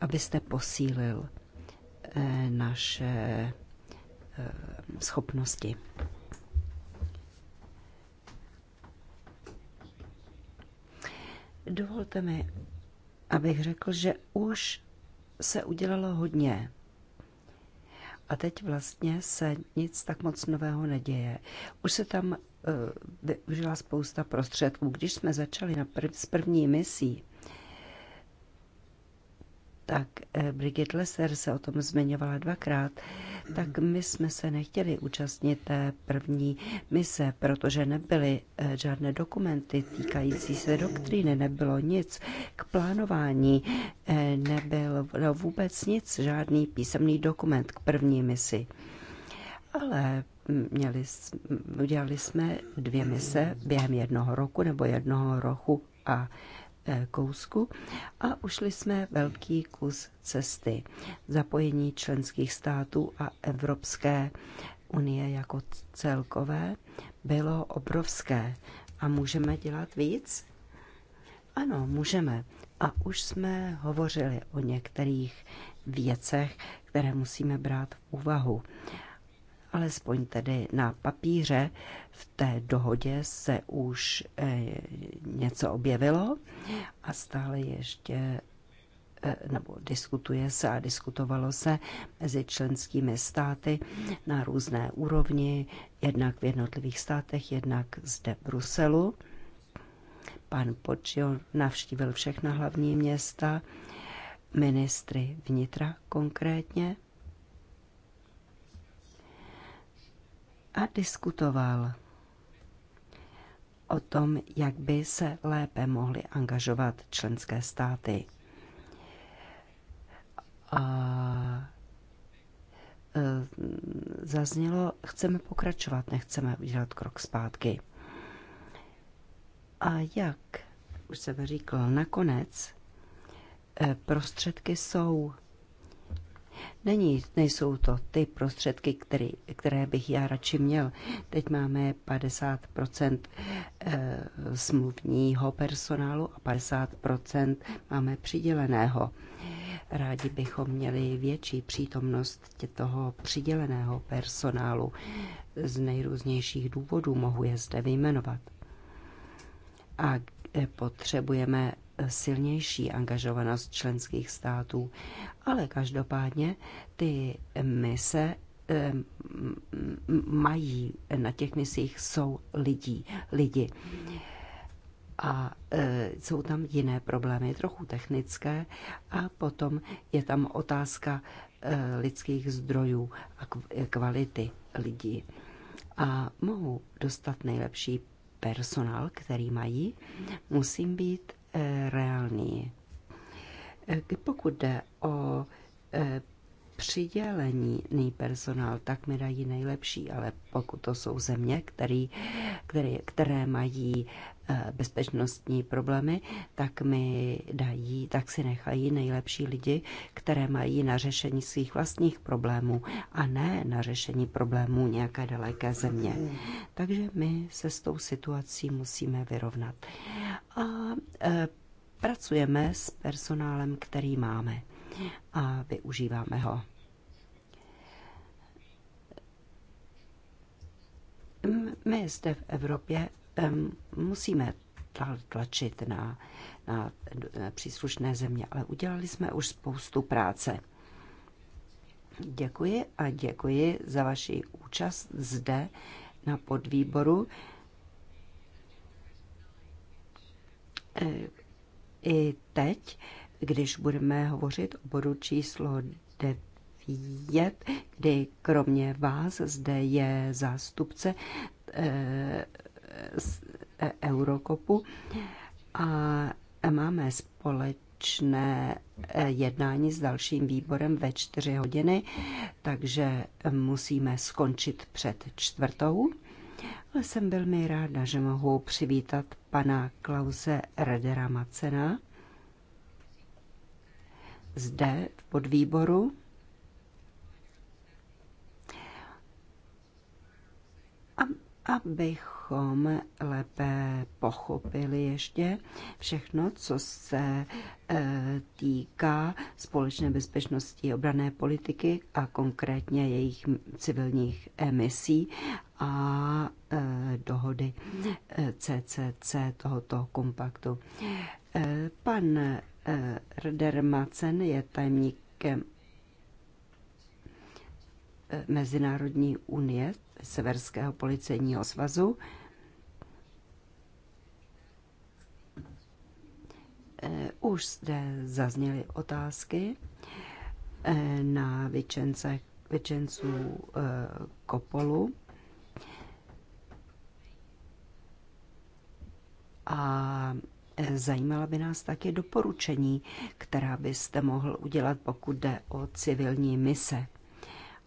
abyste posílil eh, naše eh, schopnosti. Dovolte mi, abych řekl, že už se udělalo hodně. A teď vlastně se nic tak moc nového neděje. Už se tam uh, využila spousta prostředků. Když jsme začali na prv, s první misí, tak eh, Brigitte Lesser se o tom zmiňovala dvakrát, tak my jsme se nechtěli účastnit té první mise, protože nebyly eh, žádné dokumenty týkající se doktríny, nebylo nic k plánování, eh, nebylo vůbec nic, žádný písemný dokument k první misi. Ale mm, měli, udělali jsme dvě mise během jednoho roku nebo jednoho roku a Eh, kousku a ušli jsme velký kus cesty. Zapojení členských států a Evropské unie jako celkové bylo obrovské. A můžeme dělat víc? Ano, můžeme. A už jsme hovořili o některých věcech, které musíme brát v úvahu alespoň tedy na papíře, v té dohodě se už eh, něco objevilo a stále ještě eh, nebo diskutuje se a diskutovalo se mezi členskými státy na různé úrovni, jednak v jednotlivých státech, jednak zde v Bruselu. Pan Počil navštívil všechna hlavní města, ministry vnitra konkrétně. a diskutoval o tom, jak by se lépe mohly angažovat členské státy. A e, zaznělo, chceme pokračovat, nechceme udělat krok zpátky. A jak už jsem říkal, nakonec e, prostředky jsou Není, nejsou to ty prostředky, který, které bych já radši měl. Teď máme 50 eh, smluvního personálu a 50 máme přiděleného. Rádi bychom měli větší přítomnost toho přiděleného personálu. Z nejrůznějších důvodů mohu je zde vyjmenovat. A eh, potřebujeme silnější angažovanost členských států. Ale každopádně ty mise mají, na těch misích jsou lidi, lidi. A e, jsou tam jiné problémy, trochu technické. A potom je tam otázka e, lidských zdrojů a e, kvality lidí. A mohou dostat nejlepší personál, který mají. Musím být Eh, reálný. Eh, pokud jde o eh, přidělení personál, tak mi dají nejlepší, ale pokud to jsou země, který, který, které mají Eh, bezpečnostní problémy, tak mi dají, tak si nechají nejlepší lidi, které mají na řešení svých vlastních problémů a ne na řešení problémů nějaké daleké země. Takže my se s tou situací musíme vyrovnat. A e, pracujeme s personálem, který máme a využíváme ho. My zde v Evropě musíme tlačit na, na příslušné země, ale udělali jsme už spoustu práce. Děkuji a děkuji za vaši účast zde na podvýboru. I teď, když budeme hovořit o bodu číslo 9, kdy kromě vás zde je zástupce eh, z e, Eurokopu a máme společné e, jednání s dalším výborem ve čtyři hodiny, takže musíme skončit před čtvrtou. Ale jsem velmi ráda, že mohu přivítat pana Klause Redera Macena zde v podvýboru. abychom abychom lépe pochopili ještě všechno, co se e, týká společné bezpečnosti obrané politiky a konkrétně jejich civilních emisí a e, dohody CCC e, tohoto kompaktu. Pan Rdermacen je tajemník tajemníkem Mezinárodní unie Severského policejního svazu. Eh, už zde zazněly otázky eh, na vyčence, vyčenců eh, Kopolu. A zajímala by nás také doporučení, která byste mohl udělat, pokud jde o civilní mise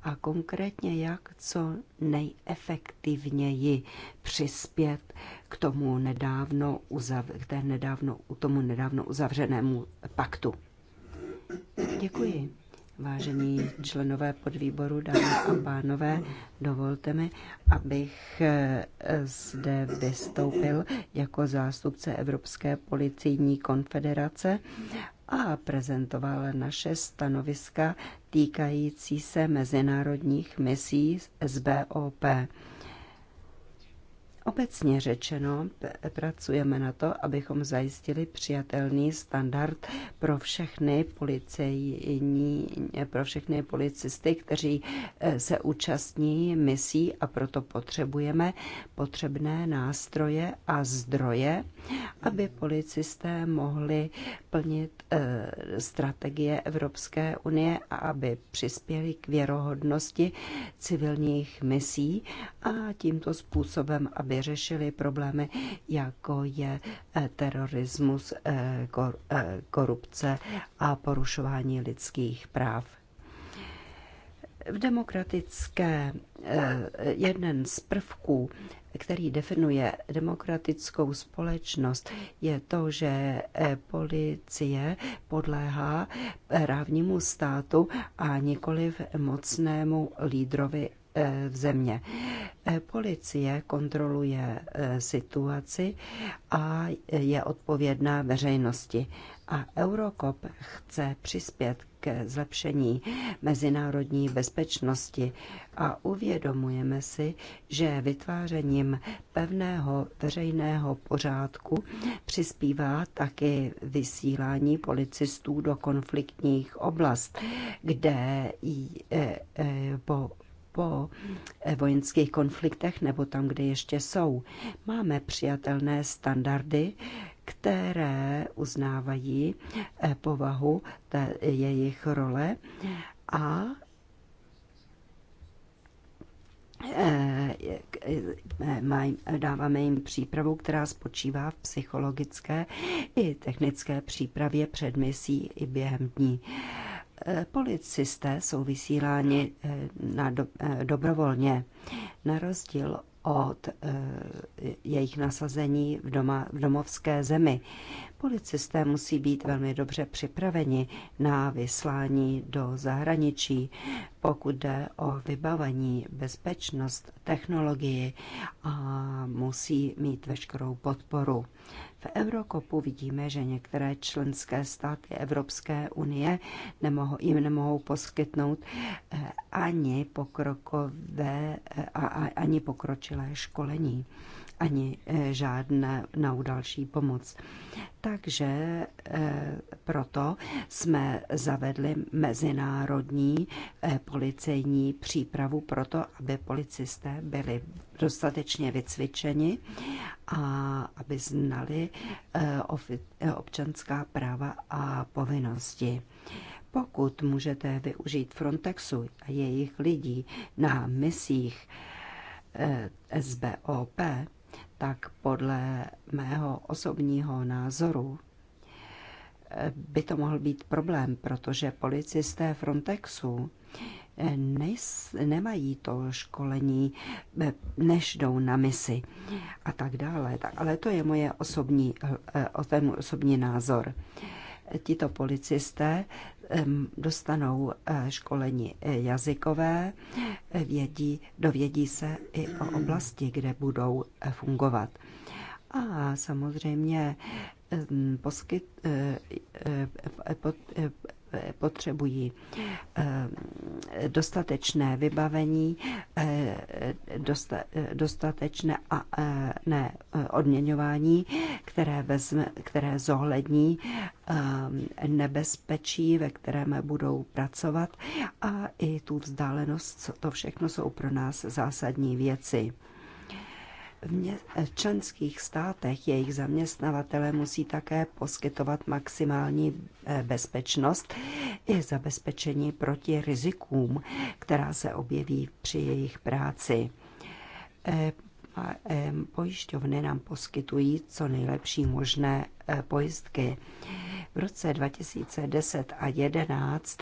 a konkrétně jak co nejefektivněji přispět k tomu nedávno, uzav, k té nedávno, k tomu nedávno uzavřenému paktu. Děkuji. Vážení členové podvýboru, dámy a pánové, dovolte mi, abych eh, zde vystoupil jako zástupce Evropské policijní konfederace a prezentoval naše stanoviska týkající se mezinárodních misí SBOP. Obecně řečeno, pracujeme na to, abychom zajistili přijatelný standard pro všechny policejní, pro všechny policisty, kteří eh, se účastní misí a proto potřebujeme potřebné nástroje a zdroje, aby policisté mohli plnit eh, strategie Evropské unie a aby přispěli k věrohodnosti civilních misí a tímto způsobem, aby vyřešili problémy, jako je eh, terorismus, eh, eh, korupce a porušování lidských práv. V demokratické jeden z prvků který definuje demokratickou společnost, je to, že policie podléhá právnímu státu a nikoli mocnému lídrovi E, v země. E, policie kontroluje e, situaci a je odpovědná veřejnosti. A Eurokop chce přispět ke zlepšení mezinárodní bezpečnosti a uvědomujeme si, že vytvářením pevného veřejného pořádku přispívá taky vysílání policistů do konfliktních oblast, kde po po eh, vojenských konfliktech nebo tam, kde ještě jsou. Máme přijatelné standardy, které uznávají eh, povahu té, jejich role a eh, dáváme jim přípravu, která spočívá v psychologické i technické přípravě před misí i během dní. Policisté jsou vysíláni eh, na do, eh, dobrovolně, na rozdíl od eh, jejich nasazení v, doma, v domovské zemi. Policisté musí být velmi dobře připraveni na vyslání do zahraničí, pokud jde o vybavení, bezpečnost, technologii a musí mít veškerou podporu. Eurokopu vidíme, že některé členské státy Evropské unie nemohou, jim nemohou poskytnout eh, ani pokrokové, eh, ani pokročilé školení ani eh, žádnou další pomoc. Takže eh, proto jsme zavedli mezinárodní eh, policejní přípravu proto, aby policisté byli dostatečně vycvičeni a aby znali občanská práva a povinnosti. Pokud můžete využít Frontexu a jejich lidí na misích SBOP, tak podle mého osobního názoru eh, by to mohl být problém, protože policisté Frontexu eh, nejs, nemají to školení, eh, než jdou na misi a tak dále. Tak, ale to je moje osobní, ten osobní názor tito policisté dostanou e, školení jazykové, vědí, dovědí se i o oblasti, kde budou e, fungovat. A samozřejmě poskyt, e, pod, Eh, potřebují eh, dostatečné vybavení, eh, dostatečné a, ne, odměňování, které, vezme, které zohlední nebezpečí, ve kterém budou pracovat a i tu vzdálenost, to všechno jsou pro nás zásadní věci. V, mě, eh, v členských státech jejich zaměstnavatele musí také poskytovat maximální eh, bezpečnost i zabezpečení proti rizikům, která se objeví při jejich práci. Eh, pojišťovny nám poskytují co nejlepší možné Eh, pojistky. V roce 2010 a 2011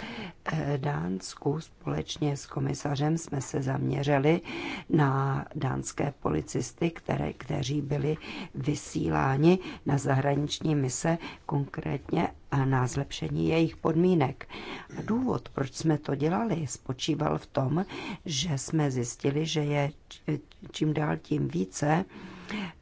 eh, Dánsku společně s komisařem jsme se zaměřili na dánské policisty, které, kteří byli vysíláni na zahraniční mise, konkrétně eh, na zlepšení jejich podmínek. A důvod, proč jsme to dělali, spočíval v tom, že jsme zjistili, že je čím dál tím více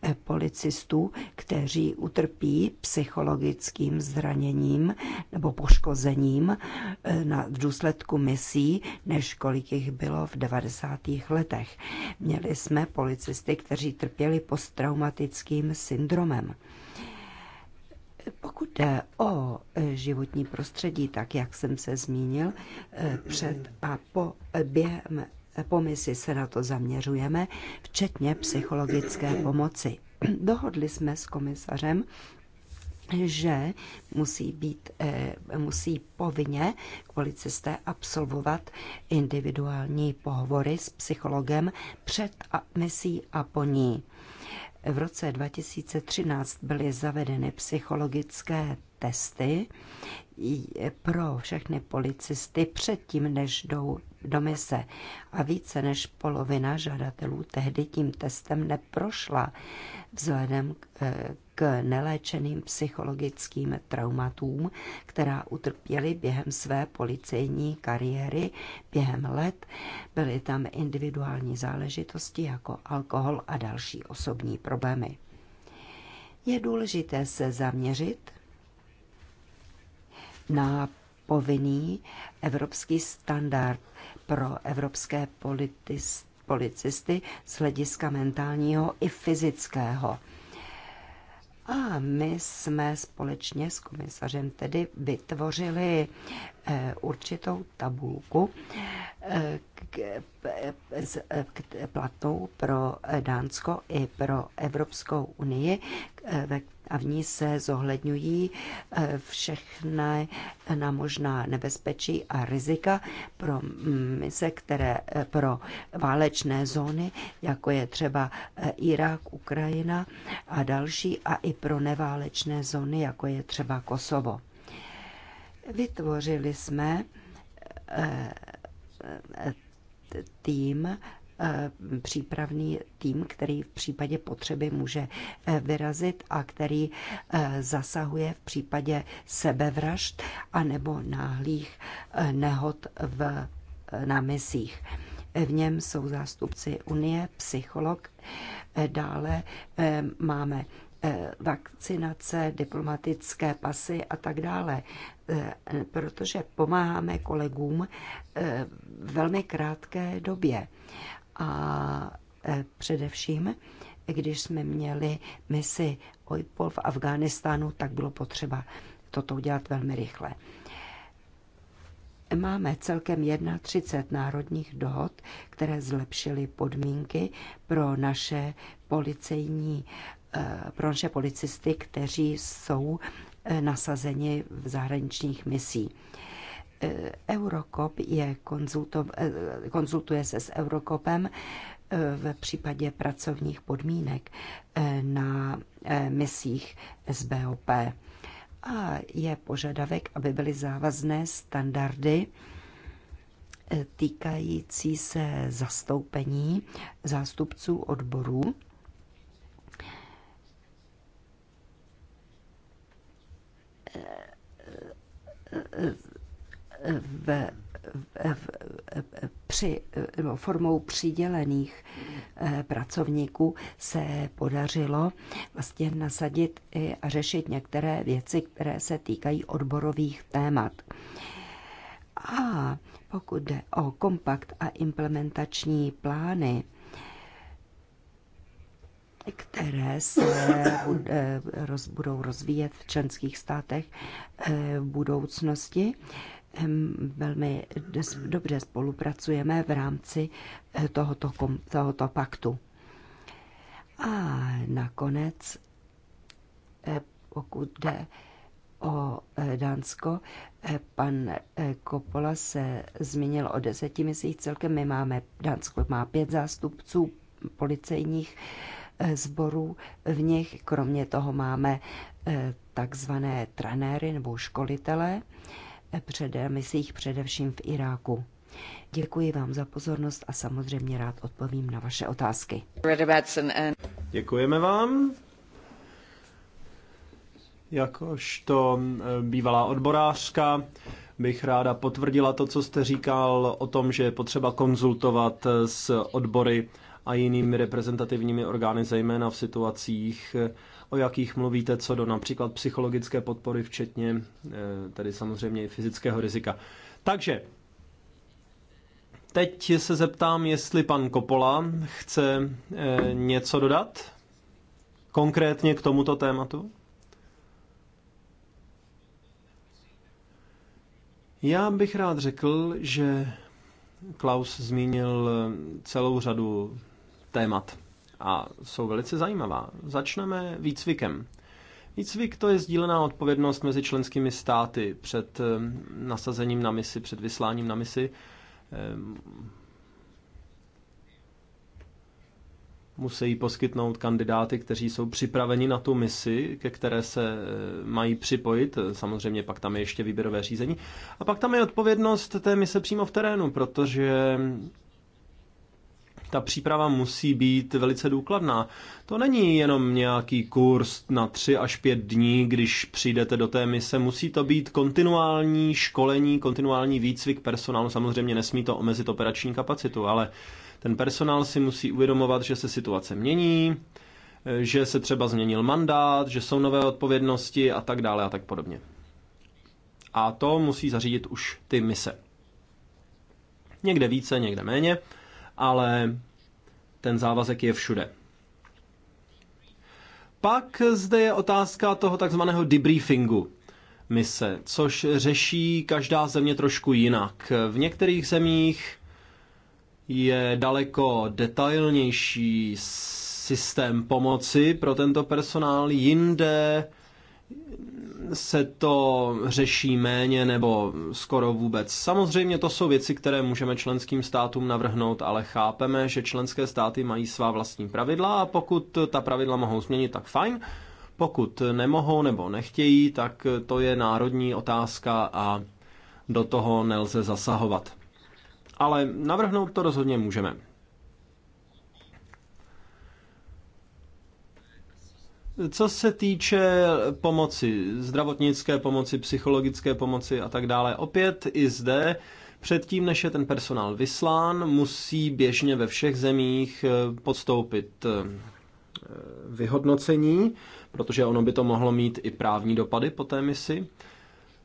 Eh, policistů, kteří utrpí psychologickým zraněním nebo poškozením eh, na, v důsledku misí, než kolik jich bylo v 90. letech. Měli jsme policisty, kteří trpěli posttraumatickým syndromem. Pokud jde o eh, životní prostředí, tak jak jsem se zmínil, před a po během komisi se na to zaměřujeme, včetně psychologické pomoci. Dohodli jsme s komisařem, že musí být, eh, musí povinně policisté absolvovat individuální pohovory s psychologem před misí a po ní. V roce 2013 byly zavedeny psychologické testy pro všechny policisty předtím, než jdou do mise. A více než polovina žadatelů tehdy tím testem neprošla vzhledem eh, k neléčeným psychologickým traumatům, která utrpěli během své policejní kariéry, během let. Byly tam individuální záležitosti jako alkohol a další osobní problémy. Je důležité se zaměřit na povinný evropský standard pro evropské politisty policisty z hlediska mentálního i fyzického a my jsme společně s komisařem tedy vytvořili eh, určitou tabulku eh, eh, platnou pro Dánsko i pro Evropskou unii, a v ní se zohledňují eh, všechny na možná nebezpečí a rizika pro mise, které eh, pro válečné zóny, jako je třeba eh, Irák, Ukrajina a další, a i pro neválečné zóny, jako je třeba Kosovo. Vytvořili jsme tým Eh, přípravný tým, který v případě potřeby může eh, vyrazit a který eh, zasahuje v případě sebevražd nebo náhlých nehod v, na misích. V něm jsou zástupci Unie, psycholog, dále máme vakcinace, diplomatické pasy a tak dále, protože pomáháme kolegům velmi krátké době a e, především, když jsme měli misi OIPOL v Afghánistánu, tak bylo potřeba toto udělat velmi rychle. Máme celkem 31 národních dohod, které zlepšily podmínky pro naše policejní, e, pro naše policisty, kteří jsou e, nasazeni v zahraničních misích. Eurokop je konzultov, eh, konzultuje se s Eurokopem eh, v případě pracovních podmínek eh, na misích SBOP. A je požadavek, aby byly závazné standardy týkající se zastoupení zástupců odborů v, v, při, no, formou přidělených eh, pracovníků se podařilo vlastně nasadit a řešit některé věci, které se týkají odborových témat. A pokud jde o kompakt a implementační plány, které se eh, budou rozvíjet v členských státech eh, v budoucnosti, Ehm, velmi dobře spolupracujeme v rámci eh, tohoto, tohoto paktu. A nakonec, eh, pokud jde o eh, Dánsko, pan Kopola se zmínil o deseti měsících celkem. My máme, Dánsko má pět zástupců policejních sborů, v nich kromě toho máme takzvané trenéry nebo školitelé přede misích především v Iráku. Děkuji vám za pozornost a samozřejmě rád odpovím na vaše otázky. Děkujeme vám. Jakožto eh, bývalá odborářka bych ráda potvrdila to, co jste říkal o tom, že je potřeba konzultovat eh, s odbory a jinými reprezentativními orgány, zejména v situacích, eh, o jakých mluvíte, co do například psychologické podpory, včetně eh, tady samozřejmě i fyzického rizika. Takže teď se zeptám, jestli pan Kopola chce eh, něco dodat konkrétně k tomuto tématu. Já bych rád řekl, že Klaus zmínil eh, celou řadu témat a jsou velice zajímavá. Začneme výcvikem. Výcvik to je sdílená odpovědnost mezi členskými státy před eh, nasazením na misi, před vysláním na misi. Ehm, musí poskytnout kandidáty, kteří jsou připraveni na tu misi, ke které se eh, mají připojit. Samozřejmě pak tam je ještě výběrové řízení. A pak tam je odpovědnost té mise přímo v terénu, protože ta příprava musí být velice důkladná. To není jenom nějaký kurz na tři až pět dní, když přijdete do té mise. Musí to být kontinuální školení, kontinuální výcvik personálu. Samozřejmě nesmí to omezit operační kapacitu, ale ten personál si musí uvědomovat, že se situace mění, že se třeba změnil mandát, že jsou nové odpovědnosti a tak dále a tak podobně. A to musí zařídit už ty mise. Někde více, někde méně ale ten závazek je všude. Pak zde je otázka toho takzvaného debriefingu mise, což řeší každá země trošku jinak. V některých zemích je daleko detailnější systém pomoci pro tento personál, jinde se to řeší méně nebo skoro vůbec. Samozřejmě to jsou věci, které můžeme členským státům navrhnout, ale chápeme, že členské státy mají svá vlastní pravidla a pokud ta pravidla mohou změnit, tak fajn. Pokud nemohou nebo nechtějí, tak to je národní otázka a do toho nelze zasahovat. Ale navrhnout to rozhodně můžeme. Co se týče pomoci, zdravotnické pomoci, psychologické pomoci a tak dále, opět i zde Předtím, než je ten personál vyslán, musí běžně ve všech zemích eh, podstoupit eh, vyhodnocení, protože ono by to mohlo mít i právní dopady po té misi.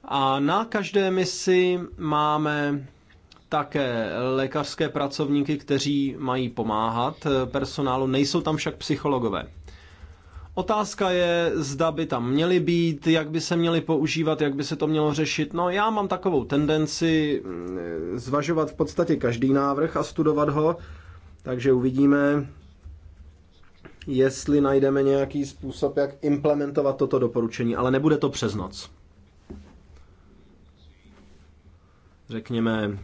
A na každé misi máme také lékařské pracovníky, kteří mají pomáhat eh, personálu, nejsou tam však psychologové. Otázka je, zda by tam měly být, jak by se měly používat, jak by se to mělo řešit. No, já mám takovou tendenci mm, zvažovat v podstatě každý návrh a studovat ho, takže uvidíme, jestli najdeme nějaký způsob, jak implementovat toto doporučení, ale nebude to přes noc. Řekněme,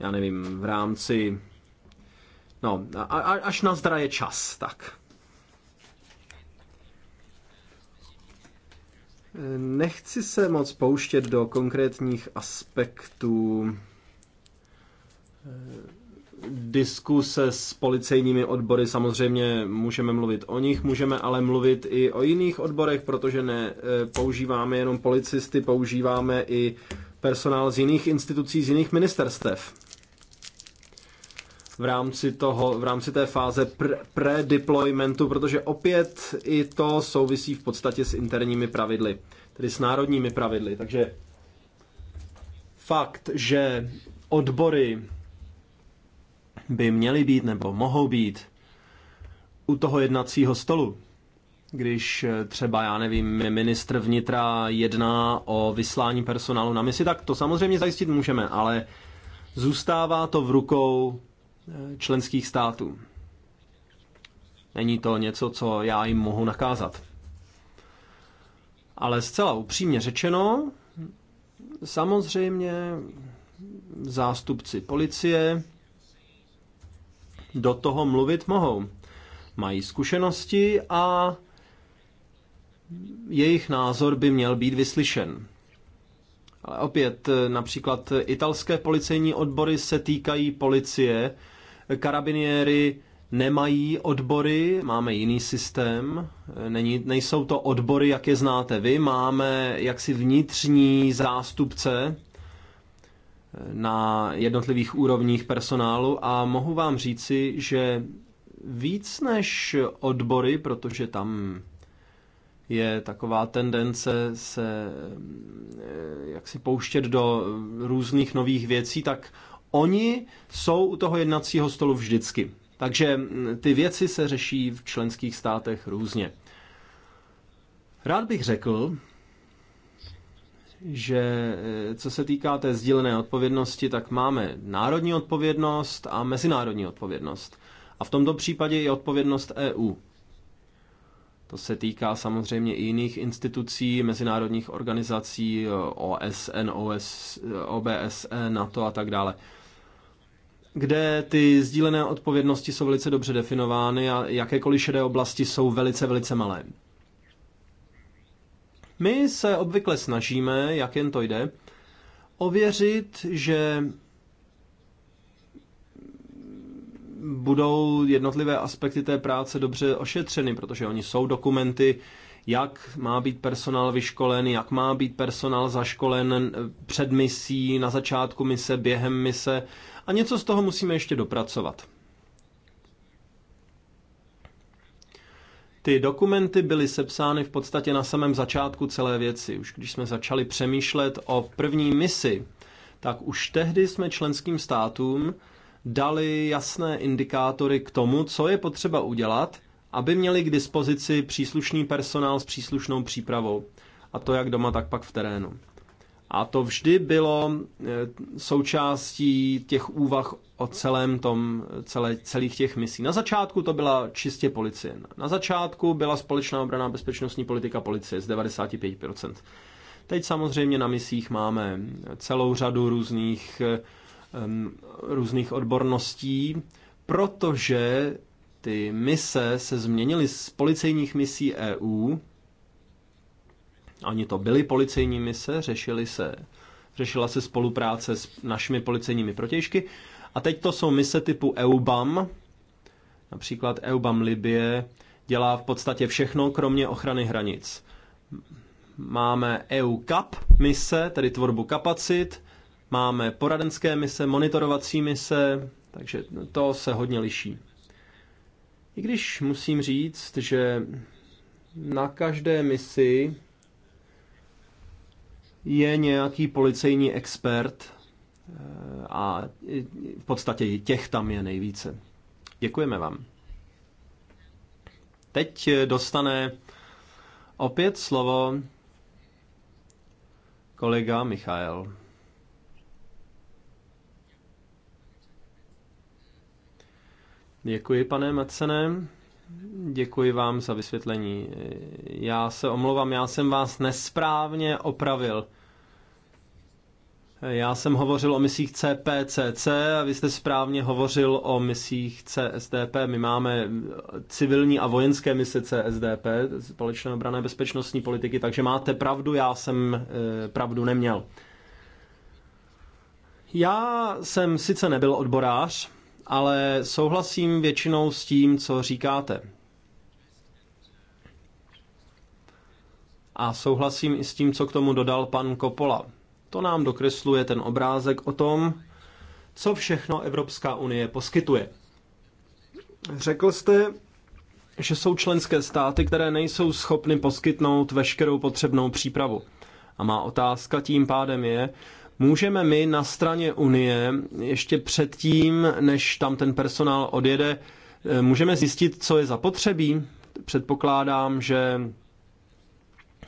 já nevím, v rámci No, a, a, až zdraje čas, tak. Nechci se moc pouštět do konkrétních aspektů eh, diskuse s policejními odbory. Samozřejmě můžeme mluvit o nich, můžeme ale mluvit i o jiných odborech, protože ne eh, používáme jenom policisty, používáme i personál z jiných institucí, z jiných ministerstev v rámci, toho, v rámci té fáze pre-deploymentu, protože opět i to souvisí v podstatě s interními pravidly, tedy s národními pravidly. Takže fakt, že odbory by měly být nebo mohou být u toho jednacího stolu, když třeba, já nevím, ministr vnitra jedná o vyslání personálu na misi, tak to samozřejmě zajistit můžeme, ale zůstává to v rukou členských států. Není to něco, co já jim mohu nakázat. Ale zcela upřímně řečeno, samozřejmě zástupci policie do toho mluvit mohou. Mají zkušenosti a jejich názor by měl být vyslyšen. Ale opět, například italské policejní odbory se týkají policie, Karabiniéry nemají odbory, máme jiný systém, Není, nejsou to odbory, jak je znáte vy, máme jaksi vnitřní zástupce na jednotlivých úrovních personálu a mohu vám říci, že víc než odbory, protože tam je taková tendence se eh, jak si pouštět do různých nových věcí, tak Oni jsou u toho jednacího stolu vždycky. Takže mm, ty věci se řeší v členských státech různě. Rád bych řekl, že eh, co se týká té sdílené odpovědnosti, tak máme národní odpovědnost a mezinárodní odpovědnost. A v tomto případě je odpovědnost EU. To se týká samozřejmě i jiných institucí, mezinárodních organizací, eh, OSN, OS, eh, OBSE, NATO a tak dále kde ty sdílené odpovědnosti jsou velice dobře definovány a jakékoliv šedé oblasti jsou velice, velice malé. My se obvykle snažíme, jak jen to jde, ověřit, že budou jednotlivé aspekty té práce dobře ošetřeny, protože oni jsou dokumenty, jak má být personál vyškolen, jak má být personál zaškolen před misí, na začátku mise, během mise, a něco z toho musíme ještě dopracovat. Ty dokumenty byly sepsány v podstatě na samém začátku celé věci. Už když jsme začali přemýšlet o první misi, tak už tehdy jsme členským státům dali jasné indikátory k tomu, co je potřeba udělat, aby měli k dispozici příslušný personál s příslušnou přípravou. A to jak doma, tak pak v terénu. A to vždy bylo eh, součástí těch úvah o celém tom, celé, celých těch misí. Na začátku to byla čistě policie. Na začátku byla společná obraná bezpečnostní politika policie z 95%. Teď samozřejmě na misích máme celou řadu různých, ehm, různých odborností, protože ty mise se změnily z policejních misí EU ani to byly policejní mise, řešily se, řešila se spolupráce s našimi policejními protějšky. A teď to jsou mise typu EUBAM, například EUBAM Libie, dělá v podstatě všechno, kromě ochrany hranic. Máme EUCAP mise, tedy tvorbu kapacit, máme poradenské mise, monitorovací mise, takže to se hodně liší. I když musím říct, že na každé misi je nějaký policejní expert eh, a v podstatě těch tam je nejvíce. Děkujeme vám. Teď eh, dostane opět slovo kolega Michael. Děkuji, pane Macenem. Děkuji vám za vysvětlení. Já se omlouvám, já jsem vás nesprávně opravil. Já jsem hovořil o misích CPCC a vy jste správně hovořil o misích CSDP. My máme civilní a vojenské mise CSDP, společné obrané bezpečnostní politiky, takže máte pravdu, já jsem eh, pravdu neměl. Já jsem sice nebyl odborář, ale souhlasím většinou s tím, co říkáte. A souhlasím i s tím, co k tomu dodal pan Kopola. To nám dokresluje ten obrázek o tom, co všechno Evropská unie poskytuje. Řekl jste, že jsou členské státy, které nejsou schopny poskytnout veškerou potřebnou přípravu. A má otázka tím pádem je, Můžeme my na straně Unie ještě předtím, než tam ten personál odjede, eh, můžeme zjistit, co je zapotřebí? Předpokládám, že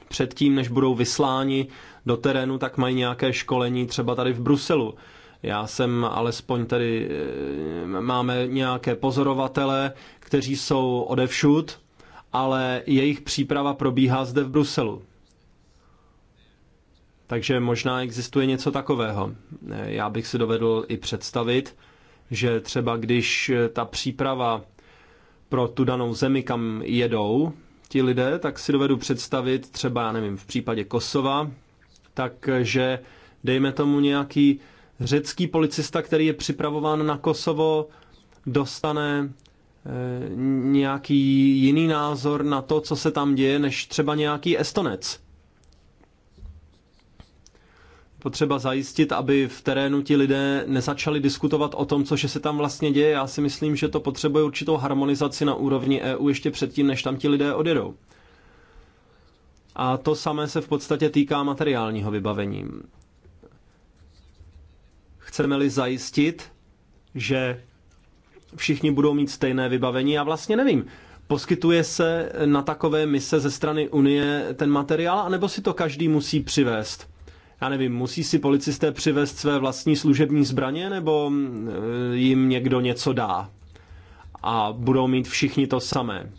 předtím, než budou vysláni do terénu, tak mají nějaké školení třeba tady v Bruselu. Já jsem alespoň tady, eh, máme nějaké pozorovatele, kteří jsou odevšud, ale jejich příprava probíhá zde v Bruselu. Takže možná existuje něco takového. Já bych si dovedl i představit, že třeba když ta příprava pro tu danou zemi, kam jedou ti lidé, tak si dovedu představit třeba, já nevím, v případě Kosova, takže dejme tomu nějaký řecký policista, který je připravován na Kosovo, dostane eh, nějaký jiný názor na to, co se tam děje, než třeba nějaký estonec potřeba zajistit, aby v terénu ti lidé nezačali diskutovat o tom, co se tam vlastně děje. Já si myslím, že to potřebuje určitou harmonizaci na úrovni EU ještě předtím, než tam ti lidé odjedou. A to samé se v podstatě týká materiálního vybavení. Chceme-li zajistit, že všichni budou mít stejné vybavení, já vlastně nevím. Poskytuje se na takové mise ze strany Unie ten materiál, anebo si to každý musí přivést? já nevím, musí si policisté přivést své vlastní služební zbraně nebo e, jim někdo něco dá a budou mít všichni to samé.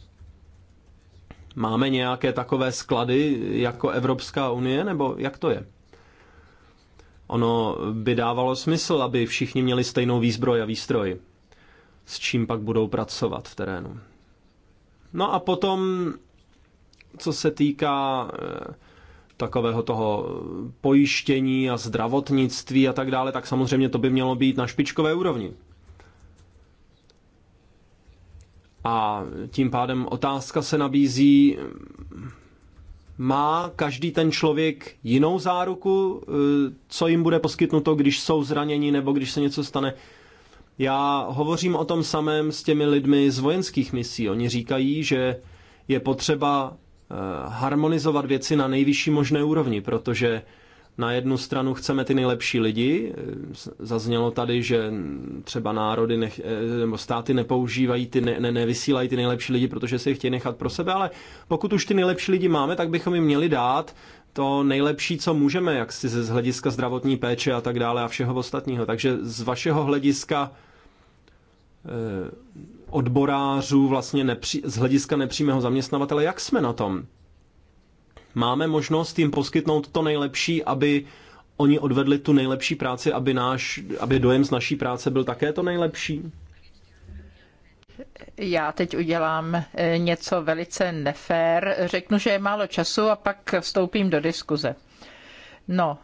Máme nějaké takové sklady jako Evropská unie, nebo jak to je? Ono by dávalo smysl, aby všichni měli stejnou výzbroj a výstroj, s čím pak budou pracovat v terénu. No a potom, co se týká e, takového toho pojištění a zdravotnictví a tak dále, tak samozřejmě to by mělo být na špičkové úrovni. A tím pádem otázka se nabízí, má každý ten člověk jinou záruku, eh, co jim bude poskytnuto, když jsou zraněni nebo když se něco stane. Já hovořím o tom samém s těmi lidmi z vojenských misí. Oni říkají, že je potřeba Eh, harmonizovat věci na nejvyšší možné úrovni, protože na jednu stranu chceme ty nejlepší lidi, eh, zaznělo tady, že třeba národy nech, eh, nebo státy nepoužívají, ty, ne, ne, nevysílají ty nejlepší lidi, protože si je chtějí nechat pro sebe, ale pokud už ty nejlepší lidi máme, tak bychom jim měli dát to nejlepší, co můžeme, jak si z hlediska zdravotní péče a tak dále a všeho ostatního. Takže z vašeho hlediska odborářů, vlastně nepří, z hlediska nepřímého zaměstnavatele, jak jsme na tom? Máme možnost jim poskytnout to nejlepší, aby oni odvedli tu nejlepší práci, aby, náš, aby dojem z naší práce byl také to nejlepší? Já teď udělám eh, něco velice nefér. Řeknu, že je málo času a pak vstoupím do diskuze. No,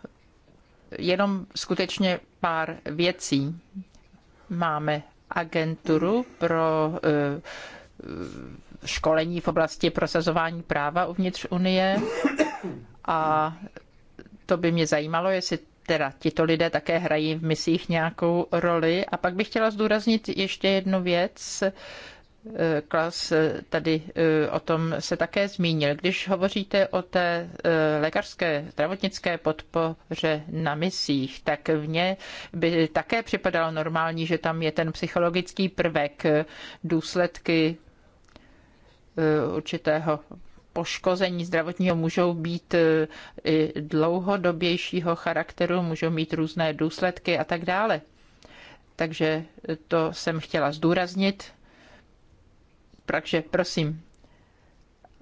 jenom skutečně pár věcí. Máme agenturu pro eh, školení v oblasti prosazování práva uvnitř Unie a to by mě zajímalo, jestli teda tito lidé také hrají v misích nějakou roli. A pak bych chtěla zdůraznit ještě jednu věc, Eh, Klas eh, tady eh, o tom se také zmínil. Když hovoříte o té lékařské zdravotnické podpoře na misích, tak mně by také připadalo normální, že tam je ten psychologický prvek, důsledky určitého poškození zdravotního můžou být i dlouhodobějšího charakteru, můžou mít různé důsledky a tak dále. Takže to jsem chtěla zdůraznit takže prosím.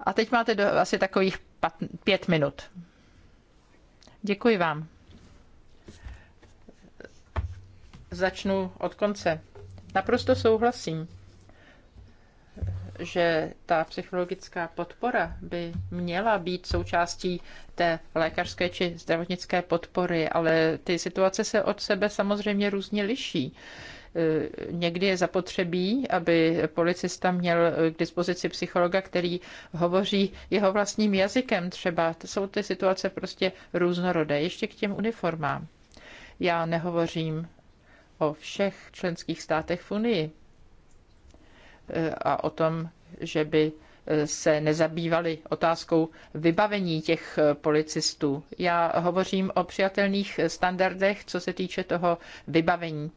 A teď máte do, asi takových pat, pět minut. Děkuji vám. Začnu od konce. Naprosto souhlasím, že ta psychologická podpora by měla být součástí té lékařské či zdravotnické podpory, ale ty situace se od sebe samozřejmě různě liší. Eh, někdy je zapotřebí, aby policista měl eh, k dispozici psychologa, který hovoří jeho vlastním jazykem třeba. To jsou ty situace prostě různorodé. Ještě k těm uniformám. Já nehovořím o všech členských státech v Unii eh, a o tom, že by se nezabývali otázkou vybavení těch policistů. Já hovořím o přijatelných standardech, co se týče toho vybavení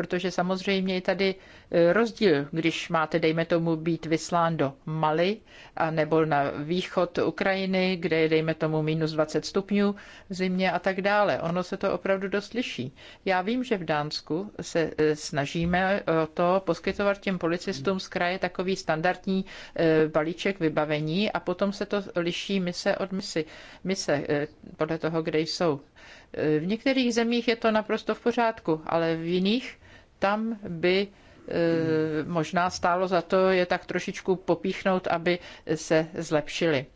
protože samozřejmě je tady e, rozdíl, když máte, dejme tomu, být vyslán do Mali a nebo na východ Ukrajiny, kde je, dejme tomu, minus 20 stupňů v zimě a tak dále. Ono se to opravdu dost liší. Já vím, že v Dánsku se e, snažíme o to poskytovat těm policistům z kraje takový standardní e, balíček vybavení a potom se to liší mise od misi, mise podle toho, kde jsou. V některých zemích je to naprosto v pořádku, ale v jiných tam by e, možná stálo za to je tak trošičku popíchnout, aby se zlepšili.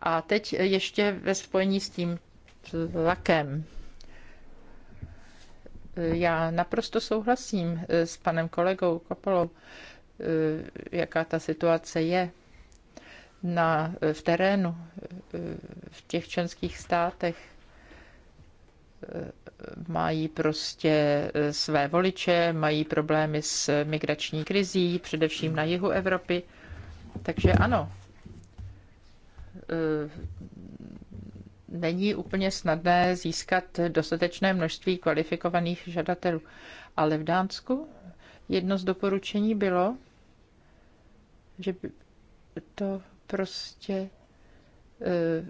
A teď ještě ve spojení s tím tlakem. E, já naprosto souhlasím e, s panem kolegou Kopolou, jaká ta situace je na, v terénu, v těch členských státech mají prostě eh, své voliče, mají problémy s migrační krizí, především na jihu Evropy. Takže ano, eh, není úplně snadné získat dostatečné množství kvalifikovaných žadatelů. Ale v Dánsku jedno z doporučení bylo, že to prostě eh,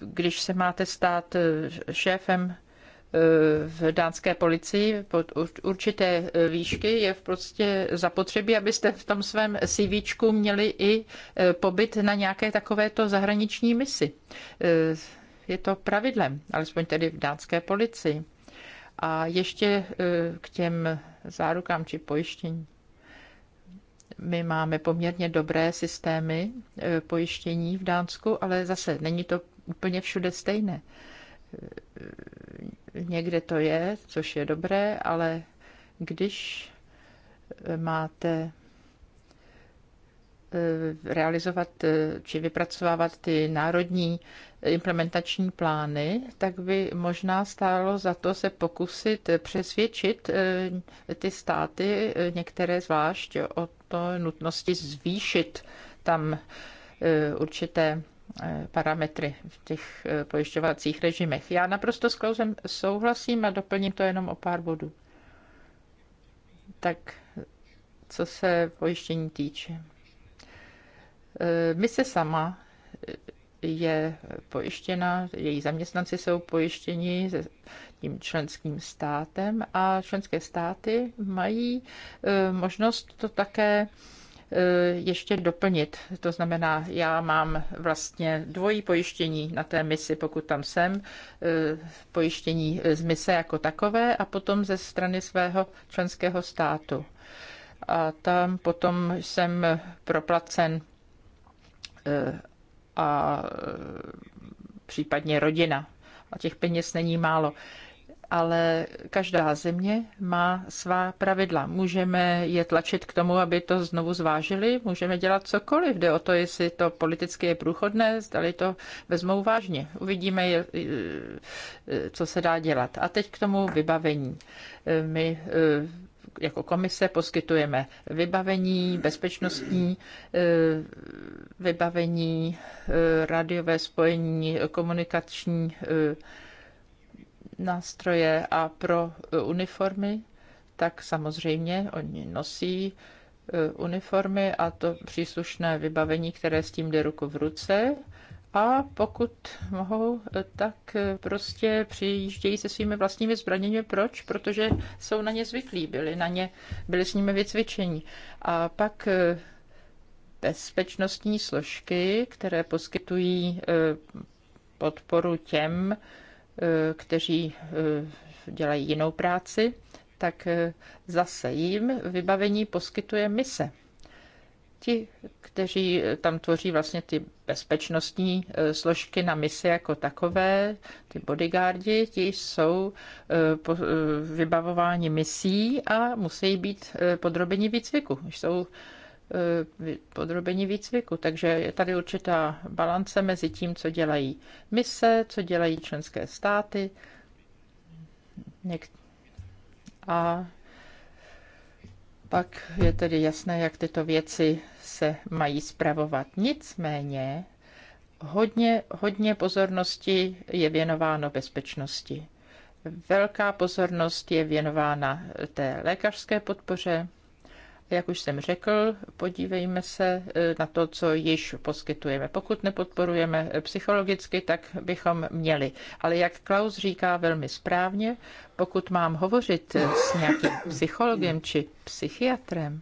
když se máte stát eh, šéfem eh, v dánské policii pod určité eh, výšky je v prostě zapotřebí, abyste v tom svém CV měli i pobyt na nějaké takovéto zahraniční misi. Je to pravidlem, alespoň tedy v dánské policii. A ještě k těm zárukám či pojištění. My máme poměrně dobré systémy pojištění v Dánsku, ale zase není to úplně všude stejné. Někde to je, což je dobré, ale když máte eh, realizovat eh, či vypracovávat ty národní implementační plány, tak by možná stálo za to se pokusit přesvědčit eh, ty státy, některé zvlášť, o to nutnosti zvýšit tam určité Eh, parametry v těch eh, pojišťovacích režimech. Já naprosto s Klausem souhlasím a doplním to jenom o pár bodů. Tak co se pojištění týče. Eh, My se sama je pojištěna, její zaměstnanci jsou pojištěni se tím členským státem a členské státy mají možnost to také Eh, ještě doplnit. To znamená, já mám vlastně dvojí pojištění na té misi, pokud tam jsem, eh, pojištění z mise jako takové a potom ze strany svého členského státu. A tam potom jsem proplacen eh, a případně rodina. A těch peněz není málo ale každá země má svá pravidla. Můžeme je tlačit k tomu, aby to znovu zvážili, můžeme dělat cokoliv. Jde o to, jestli to politicky je průchodné, zdali to vezmou vážně. Uvidíme, co se dá dělat. A teď k tomu vybavení. My e, jako komise poskytujeme vybavení, bezpečnostní e, vybavení, e, radiové spojení, komunikační nástroje a pro e, uniformy, tak samozřejmě oni nosí e, uniformy a to příslušné vybavení, které s tím jde ruku v ruce. A pokud mohou, e, tak prostě přijíždějí se svými vlastními zbraněmi. Proč? Protože jsou na ně zvyklí, byli, na ně, byli s nimi vycvičení. A pak bezpečnostní složky, které poskytují podporu těm, kteří eh, dělají jinou práci, tak eh, zase jim vybavení poskytuje mise. Ti, kteří eh, tam tvoří vlastně ty bezpečnostní složky na misi jako takové, ty bodyguardi, ti jsou vybavováni misí a musí být podrobeni výcviku. Jsou Eh, podrobení výcviku. Takže je tady určitá balance mezi tím, co dělají mise, co dělají členské státy. a pak je tedy jasné, jak tyto věci se mají spravovat. Nicméně hodně, hodně pozornosti je věnováno bezpečnosti. Velká pozornost je věnována té lékařské podpoře, jak už jsem řekl, podívejme se e, na to, co již poskytujeme. Pokud nepodporujeme psychologicky, tak bychom měli. Ale jak Klaus říká velmi správně, pokud mám hovořit s nějakým psychologem či psychiatrem,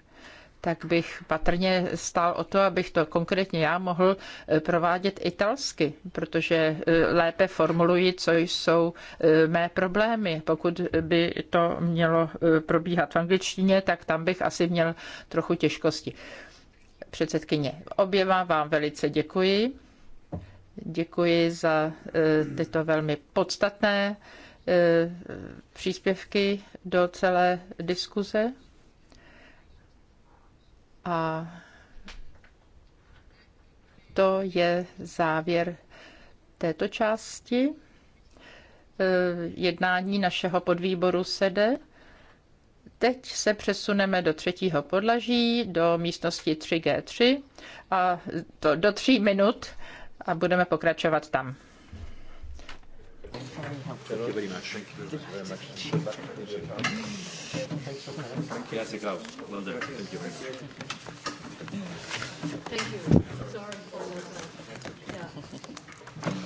tak bych patrně stál o to, abych to konkrétně já mohl eh, provádět italsky, protože eh, lépe formuluji, co jsou eh, mé problémy. Pokud by to mělo probíhat v angličtině, tak tam bych asi měl trochu těžkosti. Předsedkyně, oběma vám velice děkuji. Děkuji za tyto velmi podstatné příspěvky do celé diskuze. A to je závěr této části e, jednání našeho podvýboru SEDE. Teď se přesuneme do třetího podlaží, do místnosti 3G3 a to do tří minut a budeme pokračovat tam. Grazie Klaus. Well done. Thank you very much. Thank you. Sorry for